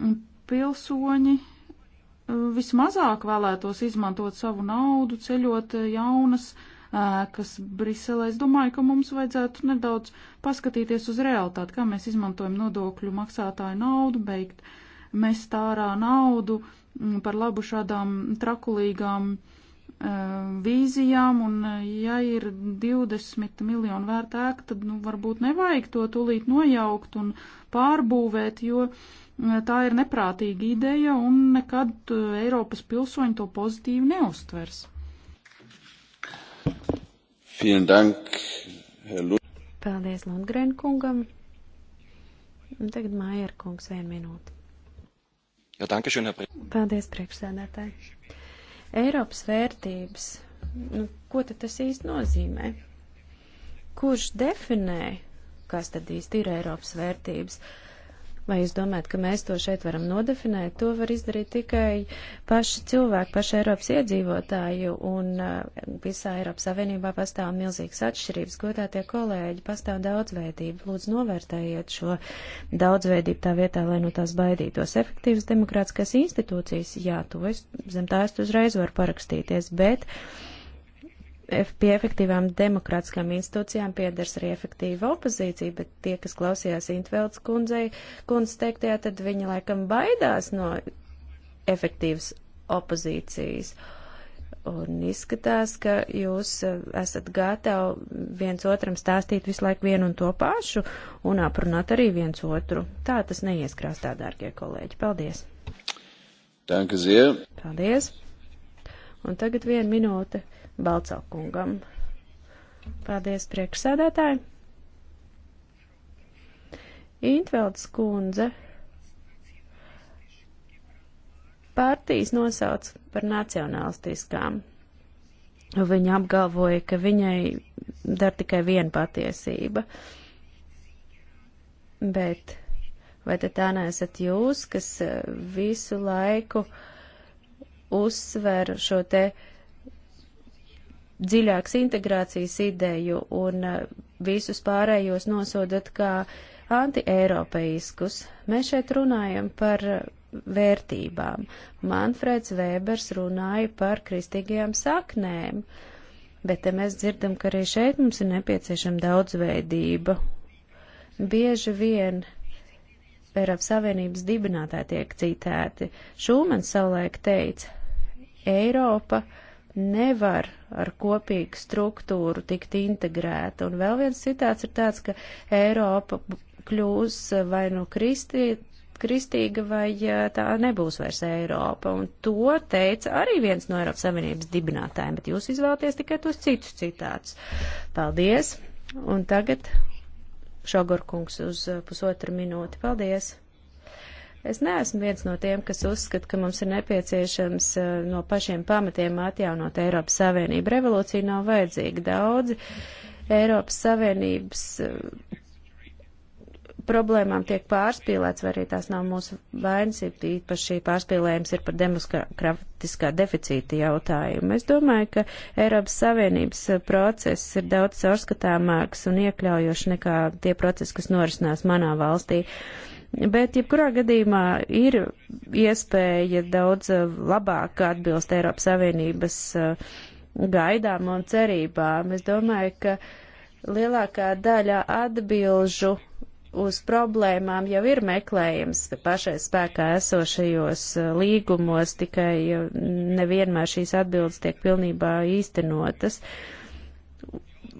mm, pilsoņi eh, vismazāk vēlētos izmantot savu naudu, ceļot jaunas uh, ēkas Briselē. Es domāju, ka mums vajadzētu nedaudz paskatīties uz realitāti, kā mēs izmantojam nodokļu maksātāju naudu, beigt mest ārā naudu mm, par labu šādām trakulīgām vīzijām, un ja ir 20 miljonu vērta ēka, tad nu, varbūt nevajag to tūlīt nojaukt un pārbūvēt, jo tā ir neprātīga ideja, un nekad Eiropas pilsoņi to pozitīvi neustvers. Dank, Paldies Lundgren kungam. Un tagad Mājer kungs vienu minūti. Jā, danke schön, Herr Paldies, priekšsēdētāji. Eiropas vērtības. Nu, ko tad tas īsti nozīmē? Kurš definē, kas tad īsti ir Eiropas vērtības? Uh, Vai jūs domājat, ka mēs to šeit varam nodefinēt? To var izdarīt tikai paši cilvēki, paši Eiropas iedzīvotāji, un eh, visā Eiropas Savienībā pastāv milzīgas atšķirības. Godātie kolēģi, pastāv daudzveidība. Lūdzu, novērtējiet šo daudzveidību tā vietā, lai no tās baidītos. Efektīvas demokrātiskās institūcijas, jā, to es zem tā es uzreiz varu parakstīties, bet. Uh, pie efektīvām demokrātiskām institūcijām piedars arī efektīva opozīcija, bet tie, kas klausījās Intvelds kundzei, kundzes teiktajā, tad viņi laikam baidās no efektīvas opozīcijas. Un izskatās, ka jūs e, esat gatavi viens otram stāstīt visu laiku vienu un to pašu un aprunāt arī viens otru. Tā tas neieskrās tā, dārgie kolēģi. Paldies! Danke sehr! Paldies! Un tagad viena minūte Balcaukungam. Paldies, priekšsēdētāji! Intvelds kundze partijas nosauc par nacionālistiskām. Viņa apgalvoja, ka viņai dar tikai viena patiesība. Bet vai tad tā nesat jūs, kas eh, visu laiku uzsver šo te uh, dziļākas integrācijas ideju un uh, visus pārējos nosodat kā antieiropeiskus. Mēs šeit runājam par uh, vērtībām. Manfreds Vēbers runāja par kristīgajām saknēm, bet te mēs dzirdam, ka arī šeit mums ir nepieciešama daudzveidība. Bieži vien Eiropas Savienības dibinātāji tiek citēti. Šūmans savulaik teica, Eiropa uh, nevar ar kopīgu struktūru tikt integrēta. Un vēl viens citāts ir tāds, ka Eiropa kļūs vai nu no kristī, kristīga vai tā nebūs vairs Eiropa. Un to teica arī viens no Eiropas Savienības dibinātājiem, bet jūs izvēlaties tikai tos citus citātus. Paldies! Un tagad Šogorkungs uz uh, pusotru minūti. Paldies! Es neesmu viens no tiem, kas uzskata, ka mums ir nepieciešams eh, no pašiem pamatiem atjaunot Eiropas Savienību. Revolūcija nav vajadzīga daudzi. Eiropas Savienības eh, problēmām tiek pārspīlēts, vai arī tās nav mūsu vainas, īpaši pārspīlējums ir par demokrātiskā deficīta jautājumu. Es domāju, ka Eiropas Savienības eh, process ir daudz caurskatāmāks un iekļaujošs nekā tie procesi, kas norisinās manā valstī. Uh, Bet, jebkurā gadījumā, ir iespēja daudz eh, labāk atbilst Eiropas Savienības eh, gaidām un cerībām. Es domāju, ka lielākā daļa atbilžu uz problēmām jau ir meklējams pašai spēkā esošajos eh, līgumos, tikai nevienmēr šīs atbildes tiek pilnībā īstenotas. Uh,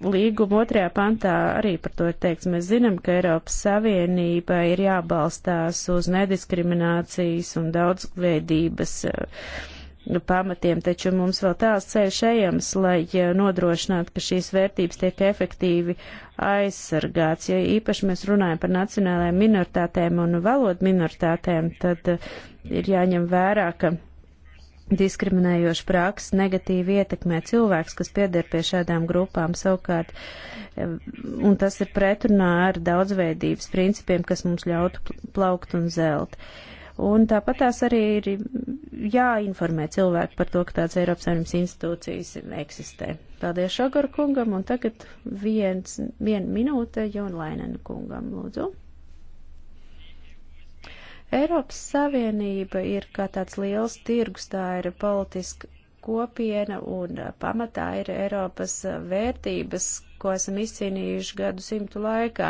līguma otrajā pantā arī par to ir teikts. Mēs zinām, ka Eiropas Savienība ir jābalstās uz nediskriminācijas un daudzveidības eh, pamatiem, taču mums vēl tāds ceļš ejams, lai eh, nodrošinātu, ka šīs vērtības tiek efektīvi aizsargāts. Ja īpaši mēs runājam par nacionālajām minoritātēm un valodu minoritātēm, tad eh, ir jāņem vērā, ka diskriminējoša praksa negatīvi ietekmē cilvēks, kas pieder pie šādām grupām savukārt, un tas ir pretrunā ar daudzveidības principiem, kas mums ļautu plaukt un zelt. Un tāpat tās arī ir jāinformē cilvēki par to, ka tāds Eiropas Savienības institūcijas eksistē. Paldies Šogar kungam, un tagad viens, viena minūte Jonlainen kungam, lūdzu. Eiropas Savienība ir kā tāds liels tirgus, tā ir politiska kopiena un uh, pamatā ir Eiropas uh, vērtības, ko esam izcīnījuši gadu simtu laikā.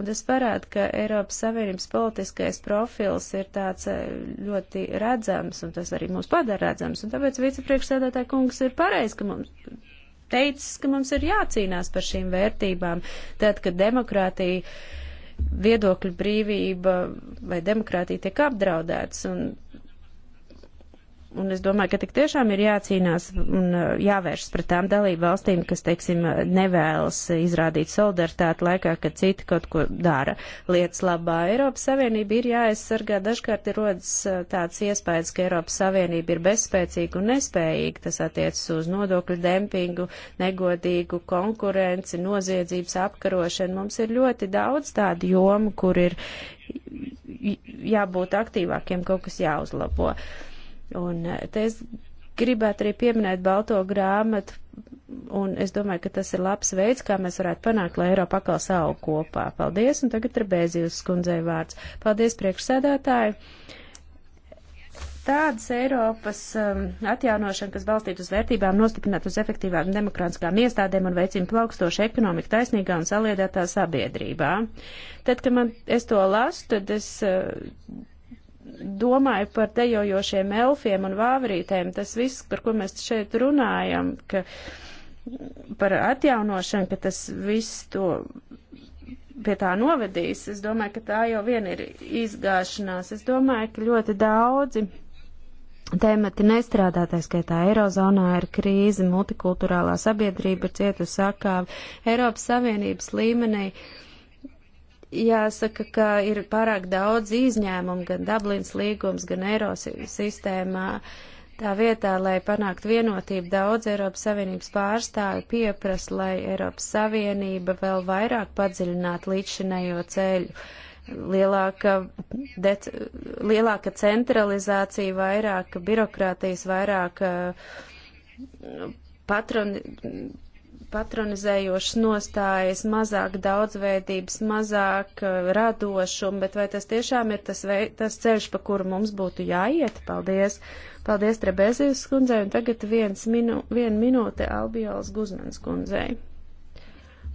Un tas parāda, ka Eiropas Savienības politiskais profils ir tāds uh, ļoti redzams, un tas arī mūs padara redzams. Un tāpēc vicepriekšsēdētāja kungs ir pareizi, ka mums teicis, ka mums ir jācīnās par šīm vērtībām, tad, kad demokrātija viedokļu brīvība vai demokrātija tiek apdraudētas, un Un es domāju, ka tik tiešām ir jācīnās un uh, jāvēršas pret tām dalību valstīm, kas, teiksim, uh, nevēlas izrādīt solidaritāti laikā, kad citi kaut ko dara lietas labā. Eiropas Savienība ir jāaizsargā. Dažkārt ir rodas uh, tāds iespējas, ka Eiropas Savienība ir bezspēcīga un nespējīga. Tas attiecas uz nodokļu dempingu, negodīgu konkurenci, noziedzības apkarošanu. Mums ir ļoti daudz tādu jomu, kur ir jābūt aktīvākiem, kaut kas jāuzlabo. Uh, Un eh, te es gribētu arī pieminēt balto grāmatu, un es domāju, ka tas ir labs veids, kā mēs varētu panākt, lai Eiropa atkal savu kopā. Paldies, un tagad ir Bēzijas skundzei vārds. Paldies, priekšsēdētāji! Tādas Eiropas um, atjaunošana, kas balstītu uz vērtībām, nostiprināt uz efektīvām demokrātiskām iestādēm un veicina plaukstošu ekonomiku taisnīgā un saliedētā sabiedrībā. Tad, kad man, es to lasu, tad es. Uh, domāju par dejojošiem elfiem un vāvrītēm, tas viss, par ko mēs šeit runājam, ka par atjaunošanu, ka tas viss to pie tā novedīs, es domāju, ka tā jau vien ir izgāšanās. Es domāju, ka ļoti daudzi temati nestrādā, tā skaitā Eirozonā ir krīze, multikulturālā sabiedrība ir cietusi sakāvi, Eiropas Savienības līmenī. Uh, jāsaka, ka ir pārāk daudz izņēmumu gan Dublins līgums, gan Eiros sistēmā. Tā vietā, lai panāktu vienotību, daudz Eiropas Savienības pārstāvi pieprasa, lai Eiropas Savienība vēl vairāk padziļinātu līdzšinējo ceļu. Lielāka, dec, lielāka centralizācija, vairāk birokrātijas, vairāk uh, patroni, patronizējošas nostājas, mazāk daudzveidības, mazāk uh, radošuma, bet vai tas tiešām ir tas, vei, tas ceļš, pa kuru mums būtu jāiet? Paldies! Paldies Trebezijas kundzei un tagad viens minu, viena minūte Albiolas Guzmanas kundzei.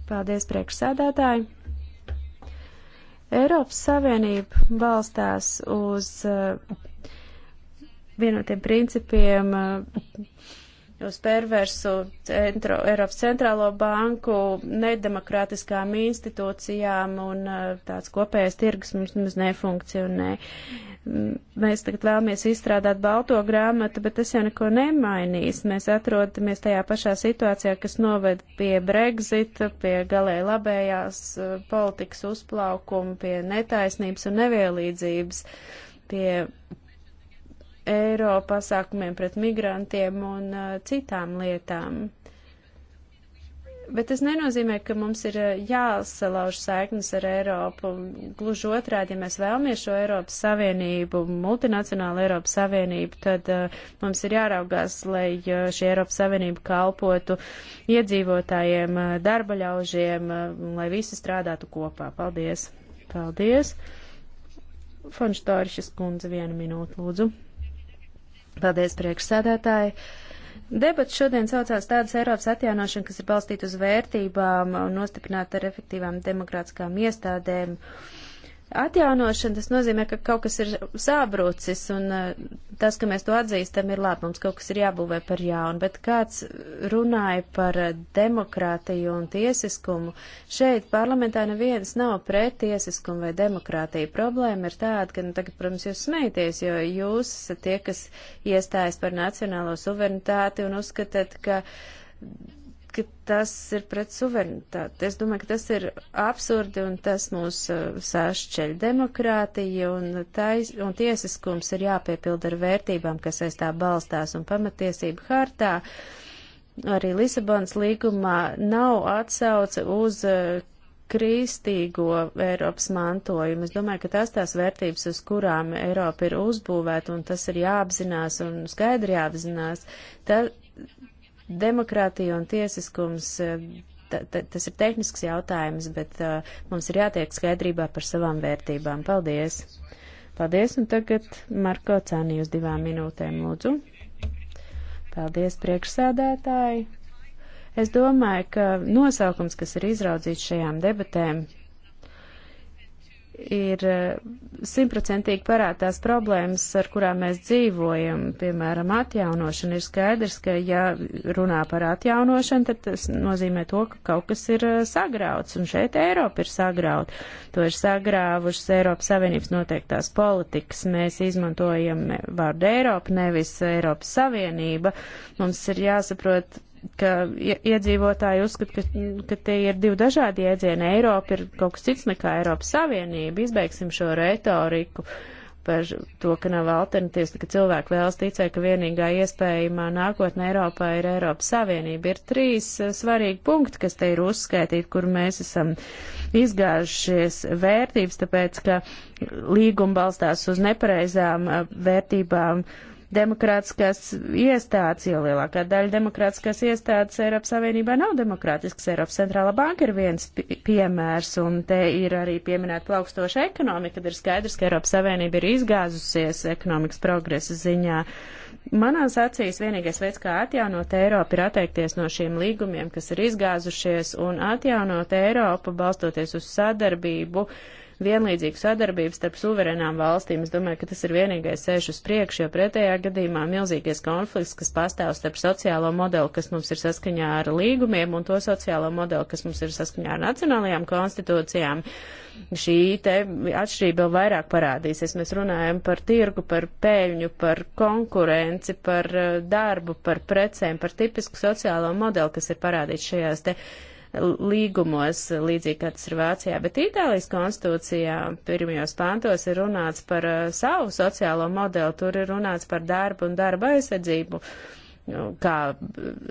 Paldies priekšsēdētāji! Eiropas Savienība balstās uz uh, vienotiem principiem. Uh, uz perversu centro, Eiropas centrālo banku, nedemokrātiskām institūcijām un eh, tāds kopējais tirgus mums nemaz nefunkcionē. Mēs tagad vēlamies izstrādāt balto grāmatu, bet tas jau neko nemainīs. Mēs atrodamies tajā pašā situācijā, kas noved pie Brexita, pie galēji labējās eh, politikas uzplaukuma, pie netaisnības un nevielīdzības, pie eiro pasākumiem pret migrantiem un uh, citām lietām. Bet tas nenozīmē, ka mums ir uh, jāsalauž saiknes ar Eiropu. Gluži otrādi, ja mēs vēlamies šo Eiropas Savienību, multinacionālu Eiropas Savienību, tad uh, mums ir jāraugās, lai uh, šī Eiropas Savienība kalpotu iedzīvotājiem, uh, darba ļaužiem, uh, lai visi strādātu kopā. Paldies! Paldies! Fonštorišas kundze, viena minūte, lūdzu. Paldies, priekšsēdētāji! Debats šodien saucās tādas Eiropas atjaunošana, kas ir balstīta uz vērtībām, nostiprināta ar efektīvām demokrātiskām iestādēm Atjaunošana tas nozīmē, ka kaut kas ir sābrucis, un eh, tas, ka mēs to atzīstam, ir labi, mums kaut kas ir jābūvē par jaunu, bet kāds runāja par eh, demokrātiju un tiesiskumu, šeit parlamentā neviens nav pret tiesiskumu vai demokrātiju. Problēma ir tāda, ka, nu, tagad, protams, jūs smēties, jo jūs esat tie, kas iestājas par nacionālo suverenitāti un uzskatāt, ka ka tas ir pret suverenitāti. Es domāju, ka tas ir absurdi un tas mūs uh, sāšķeļ demokrātija un, tais, un tiesiskums ir jāpiepilda ar vērtībām, kas aiz tā balstās un pamatiesību hartā. Arī Lisabonas līgumā nav atsauce uz uh, kristīgo Eiropas mantojumu. Es domāju, ka tās tās vērtības, uz kurām Eiropa ir uzbūvēta, un tas ir jāapzinās un skaidri jāapzinās, tad Demokrātija un tiesiskums, eh, tas ir tehnisks jautājums, bet uh, mums ir jātiek skaidrībā par savām vērtībām. Paldies! Paldies, un tagad Marko Cānī uz divām minūtēm lūdzu. Paldies, priekšsēdētāji! Es domāju, ka nosaukums, kas ir izraudzīts šajām debatēm, ir e, simtprocentīgi parādās problēmas, ar kurām mēs dzīvojam, piemēram, atjaunošana. Ir skaidrs, ka ja runā par atjaunošanu, tad tas nozīmē to, ka kaut kas ir e, sagrauts, un šeit Eiropa ir sagrauta. To ir sagrāvušas Eiropas Savienības noteiktās politikas. Mēs izmantojam vārdu Eiropa, nevis Eiropas Savienība. Mums ir jāsaprot, ka iedzīvotāji uzskata, ka, ka tie ir divi dažādi jēdzieni. Eiropa ir kaut kas cits nekā Eiropas Savienība. Izbeigsim šo retoriku par to, ka nav alternatīvas, ka cilvēki vēlas ticēt, ka vienīgā iespējamā nākotne Eiropā ir Eiropas Savienība. Ir trīs eh, svarīgi punkti, kas te ir uzskaitīti, kur mēs esam izgājušies vērtības, tāpēc, ka līguma balstās uz nepareizām eh, vērtībām. Uh, demokrātiskās iestādes, jo lielākā daļa demokrātiskās iestādes Eiropas Savienībā nav demokrātiskas. Eiropas centrāla banka ir viens piemērs, un te ir arī pieminēta plaukstoša ekonomika, kad ir skaidrs, ka Eiropas Savienība ir izgāzusies ekonomikas progresa ziņā. Manās acīs vienīgais veids, kā atjaunot Eiropu, ir atteikties no šiem līgumiem, kas ir izgāzušies, un atjaunot Eiropu, balstoties uz sadarbību, uh, vienlīdzīgu sadarbību starp suverenām valstīm. Es domāju, ka tas ir vienīgais ceļš uz priekšu, jo pretējā gadījumā milzīgais konflikts, kas pastāv starp sociālo modeli, kas mums ir saskaņā ar līgumiem, un to sociālo modeli, kas mums ir saskaņā ar nacionālajām konstitūcijām, šī te atšķirība vēl vairāk parādīsies. Mēs runājam par tirgu, par peļņu, par konkurenci, par eh, darbu, par precēm, par tipisku sociālo modeli, kas ir parādīts šajās te līgumos, līdzīgi kā tas ir Vācijā, bet Itālijas konstitūcijā pirmajos pantos ir runāts par uh, savu sociālo modeli, tur ir runāts par darbu un darba aizsardzību. Uh, kā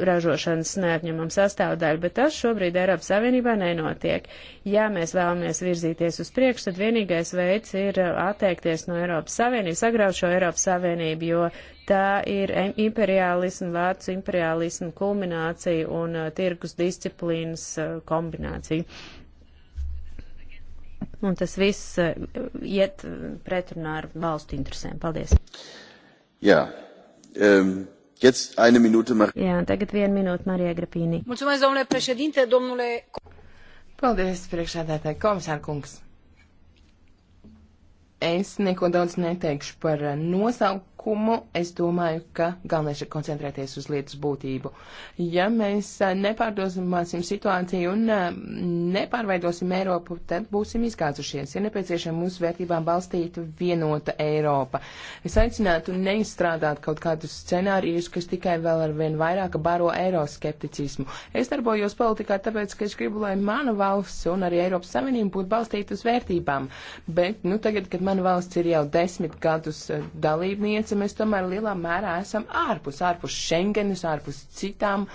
ražošanas neatņemama sastāvdaļa, bet tas šobrīd Eiropas Savienībā nenotiek. Ja mēs vēlamies virzīties uz priekšu, tad vienīgais veids ir atteikties no Eiropas Savienības, sagraut šo Eiropas Savienību, jo tā ir imperiālismu, vācu imperiālismu kulminācija un uh, tirgus disciplīnas uh, kombinācija. Un tas viss uh, iet pretrunā ar valstu interesēm. Paldies. Jā. Um. Jā, tagad viena minūte Marija Grapīnī. Mulțumesc, domnule președinte, domnule... Paldies, priekšsēdētāji, komisār kungs. Es neko daudz neteikšu par nosaukumu likumu, es domāju, ka galvenais ir koncentrēties uz lietas būtību. Ja mēs nepārdozumāsim situāciju un nepārveidosim Eiropu, tad būsim izgāzušies. Ir nepieciešama mūsu vērtībām balstīta vienota Eiropa. Es aicinātu neizstrādāt kaut kādus scenārijus, kas tikai vēl ar vien vairāk baro eiroskepticismu. Es darbojos politikā tāpēc, ka es gribu, lai mana valsts un arī Eiropas Savienība būtu balstīta uz vērtībām. Bet, nu, tagad, kad mana valsts ir jau desmit gadus dalībniece, situācija, mēs tomēr lielā mērā esam ārpus, ārpus Schengenas, ārpus citām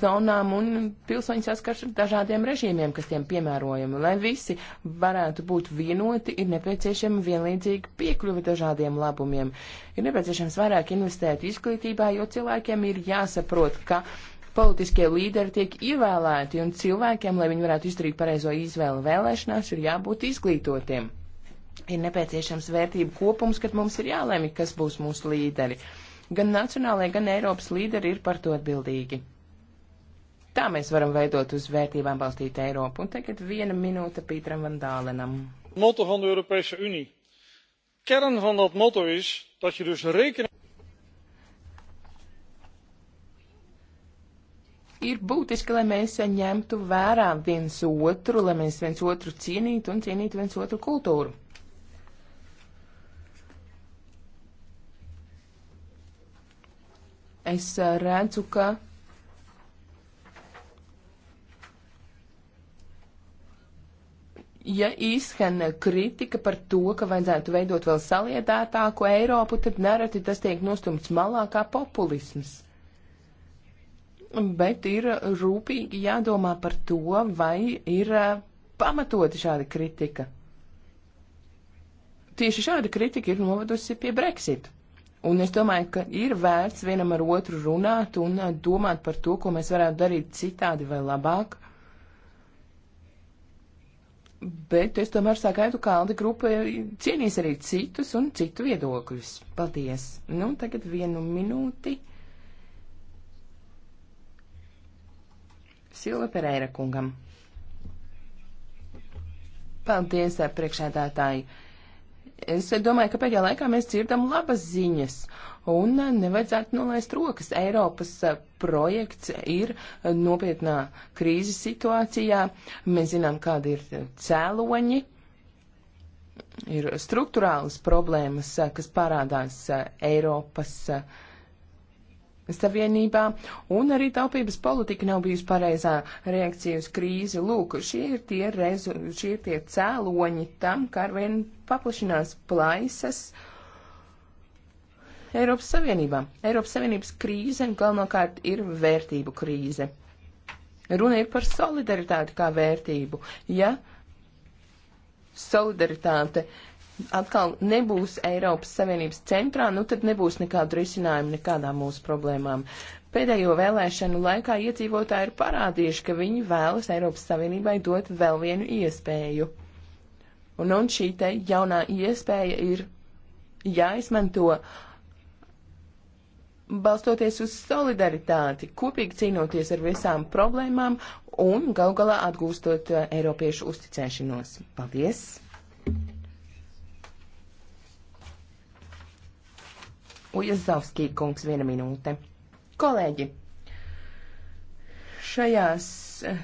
zonām, un pilsoņi saskars ar dažādiem režīmiem, kas tiem piemērojami. Lai visi varētu būt vienoti, ir nepieciešama vienlīdzīga piekļuve dažādiem labumiem. Ir nepieciešams vairāk investēt izglītībā, jo cilvēkiem ir jāsaprot, ka politiskie līderi tiek ievēlēti, un cilvēkiem, lai viņi varētu izdarīt pareizo izvēli vēlēšanās, ir jābūt izglītotiem ir nepieciešams vērtību kopums, kad mums ir jālēmi, kas būs mūsu līderi. Gan nacionālajie, gan Eiropas līderi ir par to atbildīgi. Tā mēs varam veidot uz vērtībām balstīt Eiropu. Un tagad viena minūte Pītram Vandālenam. Motto van de Europese Unie. Kern van dat motto is dat je dus rekening. ir būtiski, lai mēs ņemtu vērā viens otru, lai mēs viens otru cienītu un cienītu viens otru kultūru. Es redzu, ka ja izskan kritika par to, ka vajadzētu veidot vēl saliedētāku Eiropu, tad nereti tas tiek nostumts malā kā populisms. Bet ir rūpīgi jādomā par to, vai ir pamatota šāda kritika. Tieši šāda kritika ir novedusi pie Brexit. Un es domāju, ka ir vērts vienam ar otru runāt un uh, domāt par to, ko mēs varētu darīt citādi vai labāk. Bet es tomēr sagaidu, ka Alde grupa cienīs arī citus un citu viedokļus. Paldies! Nu, tagad vienu minūti. Silva Pereira kungam. Paldies, priekšēdātāji! Es domāju, ka pēdējā laikā mēs dzirdam labas ziņas un nevajadzētu nolaist rokas. Eiropas eh, projekts ir eh, nopietnā krīzes situācijā. Mēs zinām, kādi ir cēloņi. Ir struktūrālas problēmas, eh, kas parādās Eiropas projekts Savienībā, un arī taupības politika nav bijusi pareizā reakcija uz krīzi. Lūk, šie ir tie, rezu, šie ir tie cēloņi tam, kā arvien paplašinās plaisas. Eiropas Savienībā. Eiropas Savienības krīze galvenokārt ir vērtību krīze. Runa ir par solidaritāti kā vērtību. Ja solidaritāte uh, atkal nebūs Eiropas Savienības centrā, nu tad nebūs nekādu risinājumu nekādām mūsu problēmām. Pēdējo vēlēšanu laikā iedzīvotāji ir parādījuši, ka viņi vēlas Eiropas Savienībai dot vēl vienu iespēju. Un, un šī te jaunā iespēja ir jāizmanto balstoties uz solidaritāti, kopīgi cīnoties ar visām problēmām un gal galā atgūstot eh, Eiropiešu uzticēšanos. Paldies! Ujazovskī kungs viena minūte. Kolēģi, šajās eh,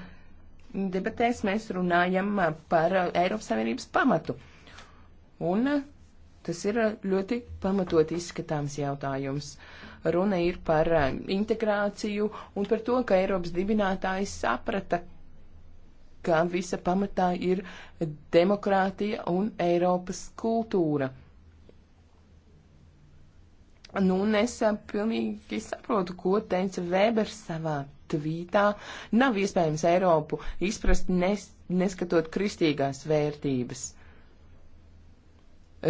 debatēs mēs runājam eh, par eh, Eiropas Savienības pamatu. Un tas ir ļoti pamatot izskatāms jautājums. Runa ir par integrāciju un par to, ka Eiropas dibinātājs saprata, ka visa pamatā ir demokrātija un Eiropas kultūra. Nu, un es eh, pilnīgi saprotu, ko teica Vēbers savā tvītā. Nav iespējams Eiropu izprast nes, neskatot kristīgās vērtības.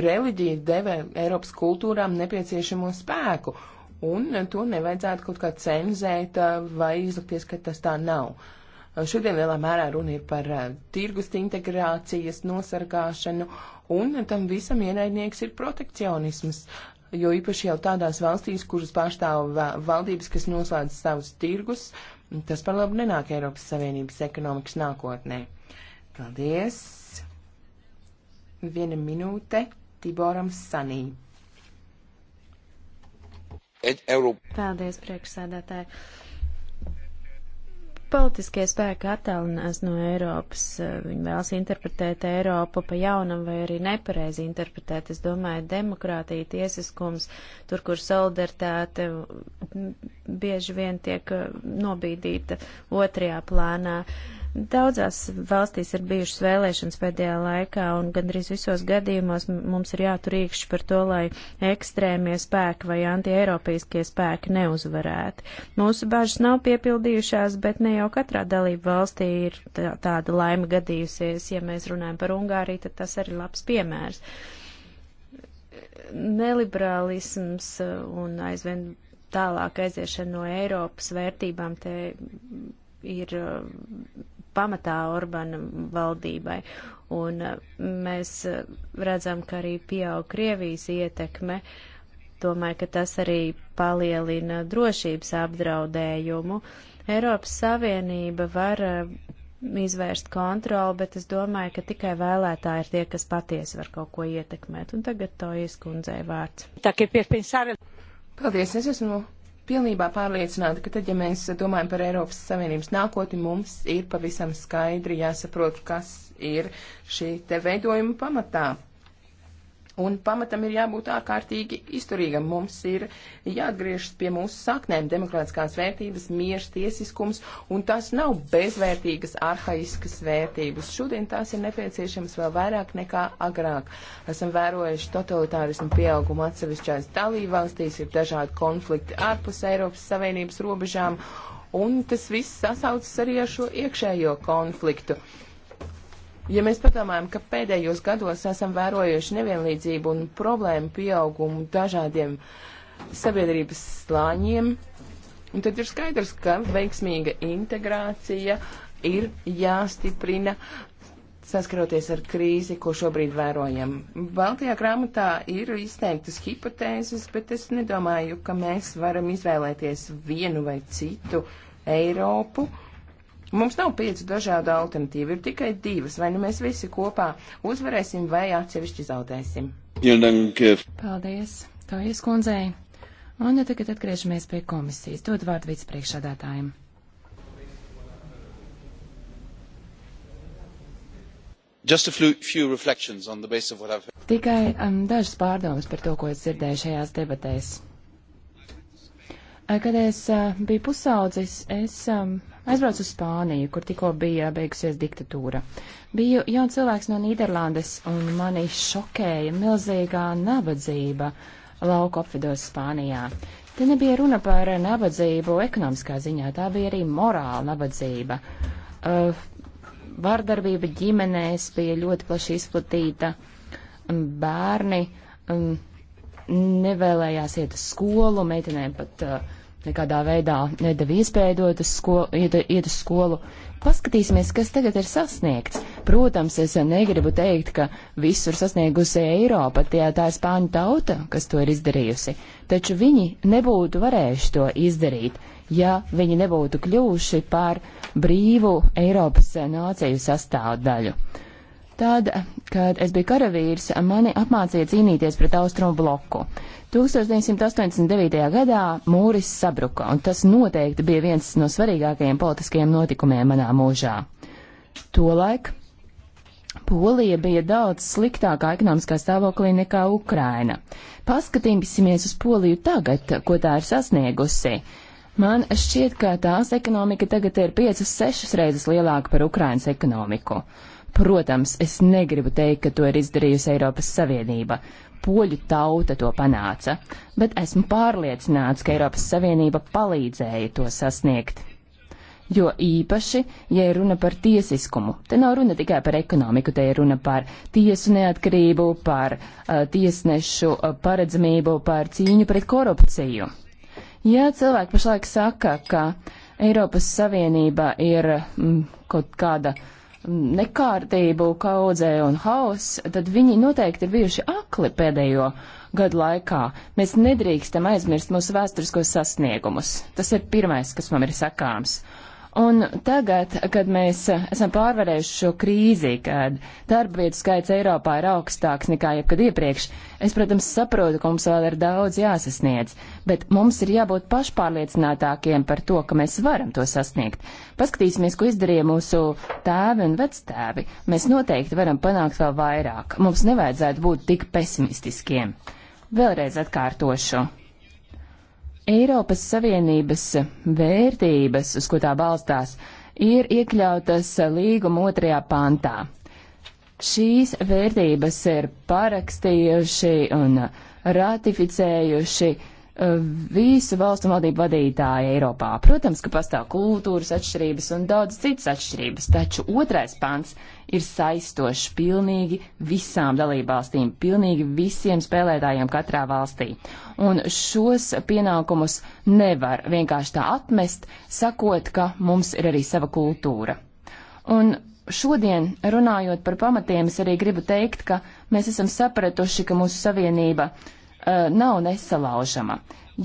Reliģija deva Eiropas kultūrām nepieciešamo spēku, un to nevajadzētu kaut kā cenzēt eh, vai izlikties, ka tas tā nav. Eh, šodien lielā mērā runa ir par tirgus integrācijas nosargāšanu, un tam visam ienaidnieks ir protekcionisms jo īpaši jau tādās valstīs, kuras pārstāv valdības, kas noslēdz savus tirgus, tas par labu nenāk Eiropas Savienības ekonomikas nākotnē. Paldies! Viena minūte Tiboram Sanī. Paldies, priekšsēdētāji! Politiskie spēki attālinās no Eiropas, eh, viņi vēlas interpretēt Eiropu pa jaunam vai arī nepareizi interpretēt. Es domāju, demokrātija, tiesiskums, tur, kur solidaritāte bieži vien tiek eh, nobīdīta otrajā plānā. Uh, Daudzās valstīs ir bijušas vēlēšanas pēdējā laikā, un gandrīz visos gadījumos mums ir jāturīkšķi par to, lai ekstrēmie spēki vai antieiropeiskie spēki neuzvarētu. Mūsu bažas nav piepildījušās, bet ne jau katrā dalība valstī ir tāda laima gadījusies. Ja mēs runājam par Ungāriju, tad tas arī labs piemērs. Neliberālisms uh, un aizvien tālāk aiziešana no Eiropas vērtībām te ir eh, pamatā Orbana valdībai. Un eh, mēs eh, redzam, ka arī pieaug Krievijas ietekme. Domāju, ka tas arī palielina drošības apdraudējumu. Eiropas Savienība var izvērst kontroli, bet es domāju, ka tikai vēlētāji ir tie, kas patiesi var kaut ko ietekmēt. Un tagad to ieskundzēja vārds. Paldies, es esmu pilnībā pārliecināta, ka tad, ja mēs domājam par Eiropas Savienības nākotni, mums ir pavisam skaidri jāsaprot, kas ir šī te veidojuma pamatā. Un pamatam ir jābūt ārkārtīgi izturīgam. Mums ir jāatgriežas pie mūsu saknēm - demokrātiskās vērtības, mieras, tiesiskums, un tās nav bezvērtīgas, arhaiskas vērtības. Šodien tās ir nepieciešamas vēl vairāk nekā agrāk. Esam vērojuši totalitārismu pieaugumu atsevišķās dalībvalstīs, ir dažādi konflikti ārpus Eiropas Savienības robežām, un tas viss sasaucas arī ar šo iekšējo konfliktu. Uh, Ja mēs padomājam, ka pēdējos gados esam vērojuši nevienlīdzību un problēmu pieaugumu dažādiem sabiedrības slāņiem, tad ir skaidrs, ka veiksmīga integrācija ir jāstiprina saskaroties ar krīzi, ko šobrīd vērojam. Baltijā grāmatā ir izteiktas hipotēzes, bet es nedomāju, ka mēs varam izvēlēties vienu vai citu Eiropu. Uh, Mums nav piecu dažādu alternatīvu, ir tikai divas, vai nu mēs visi kopā uzvarēsim, vai atsevišķi zaudēsim. Paldies, to ieskundzēji. Un ja tagad atgriežamies pie komisijas, dod vārdu vicepriekšādātājiem. Tikai um, dažas pārdomas par to, ko es dzirdēju šajās debatēs. Kad es uh, biju pusaudzis, es um, aizbraucu uz Spāniju, kur tikko bija beigusies diktatūra. Biju jauns cilvēks no Nīderlandes, un mani šokēja milzīgā nabadzība lauku apvidos Spānijā. Te nebija runa par nabadzību ekonomiskā ziņā, tā bija arī morāla nabadzība. Uh, vardarbība ģimenēs bija ļoti plaši izplatīta, um, bērni um, nevēlējās iet uz skolu, meitenēm pat uh, nekādā veidā nedeva iespēju dot uz skolu, iet, iet uz skolu. Paskatīsimies, kas tagad ir sasniegts. Protams, es negribu teikt, ka visur sasniegusi Eiropa, tie tā ir spāņu tauta, kas to ir izdarījusi, taču viņi nebūtu varējuši to izdarīt, ja viņi nebūtu kļuvuši par brīvu Eiropas nāciju sastāvdaļu. Tad Kad es biju karavīrs, mani apmācīja cīnīties pret austrumu bloku. 1989. gadā mūris sabruka, un tas noteikti bija viens no svarīgākajiem politiskajiem notikumiem manā mūžā. Tolaik Polija bija daudz sliktākā ekonomiskā stāvoklī nekā Ukraina. Paskatīsimies uz Poliju tagad, ko tā ir sasniegusi. Man šķiet, ka tās ekonomika tagad ir 5-6 reizes lielāka par Ukrainas ekonomiku. Protams, es negribu teikt, ka to ir izdarījusi Eiropas Savienība. Poļu tauta to panāca, bet esmu pārliecināts, ka Eiropas Savienība palīdzēja to sasniegt. Jo īpaši, ja ir runa par tiesiskumu, te nav runa tikai par ekonomiku, te ir runa par tiesu neatkarību, par uh, tiesnešu uh, paredzamību, par cīņu pret korupciju. Jā, cilvēki pašlaik saka, ka Eiropas Savienība ir mm, kaut kāda uh, nekārtību kaudzē un haus, tad viņi noteikti ir bijuši akli pēdējo gadu laikā. Mēs nedrīkstam aizmirst mūsu vēsturiskos sasniegumus. Tas ir pirmais, kas man ir sakāms. Un tagad, kad mēs esam pārvarējuši šo krīzi, kad darba vietu skaits Eiropā ir augstāks nekā jebkad iepriekš, es, protams, saprotu, ka mums vēl ir daudz jāsasniedz, bet mums ir jābūt pašpārliecinātākiem par to, ka mēs varam to sasniegt. Paskatīsimies, ko izdarīja mūsu tēvi un vectēvi. Mēs noteikti varam panākt vēl vairāk. Mums nevajadzētu būt tik pesimistiskiem. Vēlreiz atkārtošu Eiropas Savienības vērtības, uz ko tā balstās, ir iekļautas līguma otrajā pantā. Šīs vērtības ir parakstījuši un ratificējuši uh, visu valstu un valdību vadītāji Eiropā. Protams, ka pastāv kultūras atšķirības un daudz citas atšķirības, taču otrais pants ir saistošs pilnīgi visām dalībvalstīm, pilnīgi visiem spēlētājiem katrā valstī. Un šos pienākumus nevar vienkārši tā atmest, sakot, ka mums ir arī sava kultūra. Un šodien, runājot par pamatiem, es arī gribu teikt, ka mēs esam sapratuši, ka mūsu savienība uh, Eh, nav nesalaužama.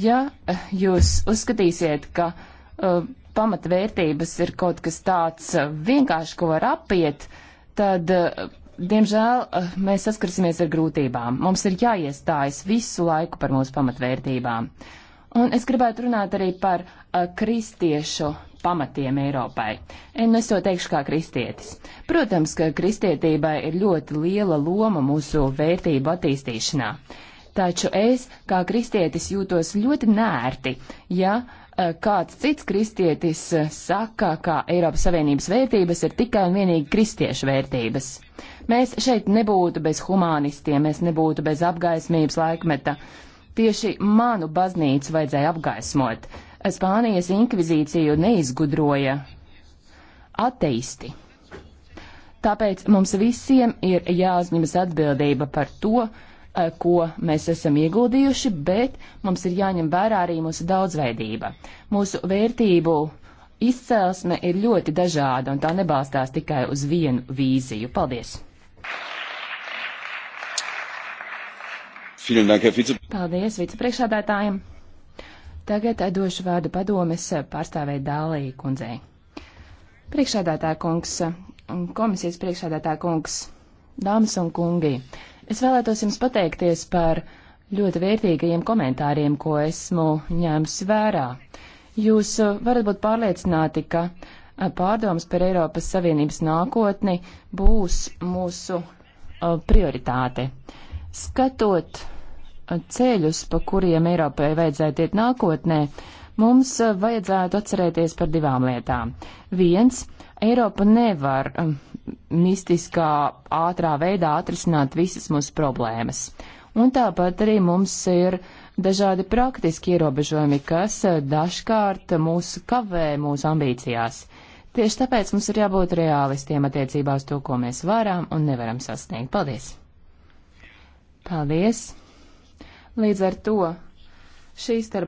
Ja eh, jūs uzskatīsiet, ka eh, pamatvērtības ir kaut kas tāds vienkārši, ko var apiet, tad, diemžēl, mēs saskarsimies ar grūtībām. Mums ir jāiestājas visu laiku par mūsu pamatvērtībām. Un es gribētu runāt arī par kristiešu pamatiem Eiropai. Un nu, es to teikšu kā kristietis. Protams, ka kristietībai ir ļoti liela loma mūsu vērtību attīstīšanā taču es, kā kristietis, jūtos ļoti nērti, ja eh, kāds cits kristietis eh, saka, ka Eiropas Savienības vērtības ir tikai un vienīgi kristiešu vērtības. Mēs šeit nebūtu bez humanistiem, mēs nebūtu bez apgaismības laikmeta. Tieši manu baznīcu vajadzēja apgaismot. Spānijas inkvizīciju neizgudroja ateisti. Tāpēc mums visiem ir jāuzņemas atbildība par to, uh, Eh, ko mēs esam ieguldījuši, bet mums ir jāņem vērā arī mūsu daudzveidība. Mūsu vērtību izcelsme ir ļoti dažāda un tā nebalstās tikai uz vienu vīziju. Paldies! Paldies vicepriekšādātājiem! Tagad došu vārdu padomes pārstāvēt Dālī kundzei. Priekšādātā kungs, mm, komisijas priekšādātā kungs, dāmas un kungi! Es vēlētos jums pateikties par ļoti vērtīgajiem komentāriem, ko esmu ņēmusi vērā. Jūs uh, varat būt pārliecināti, ka uh, pārdomas par Eiropas Savienības nākotni būs mūsu uh, prioritāte. Skatot ceļus, pa kuriem Eiropai vajadzētu iet nākotnē, uh, Mums eh, vajadzētu atcerēties par divām lietām. Viens, Eiropa nevar eh, mistiskā ātrā veidā atrisināt visas mūsu problēmas. Un tāpat arī mums ir dažādi praktiski ierobežojumi, kas eh, dažkārt mūs kavē mūsu ambīcijās. Tieši tāpēc mums ir jābūt realistiem attiecībā uz to, ko mēs varam un nevaram sasniegt. Paldies! Paldies! Līdz ar to šīs starp.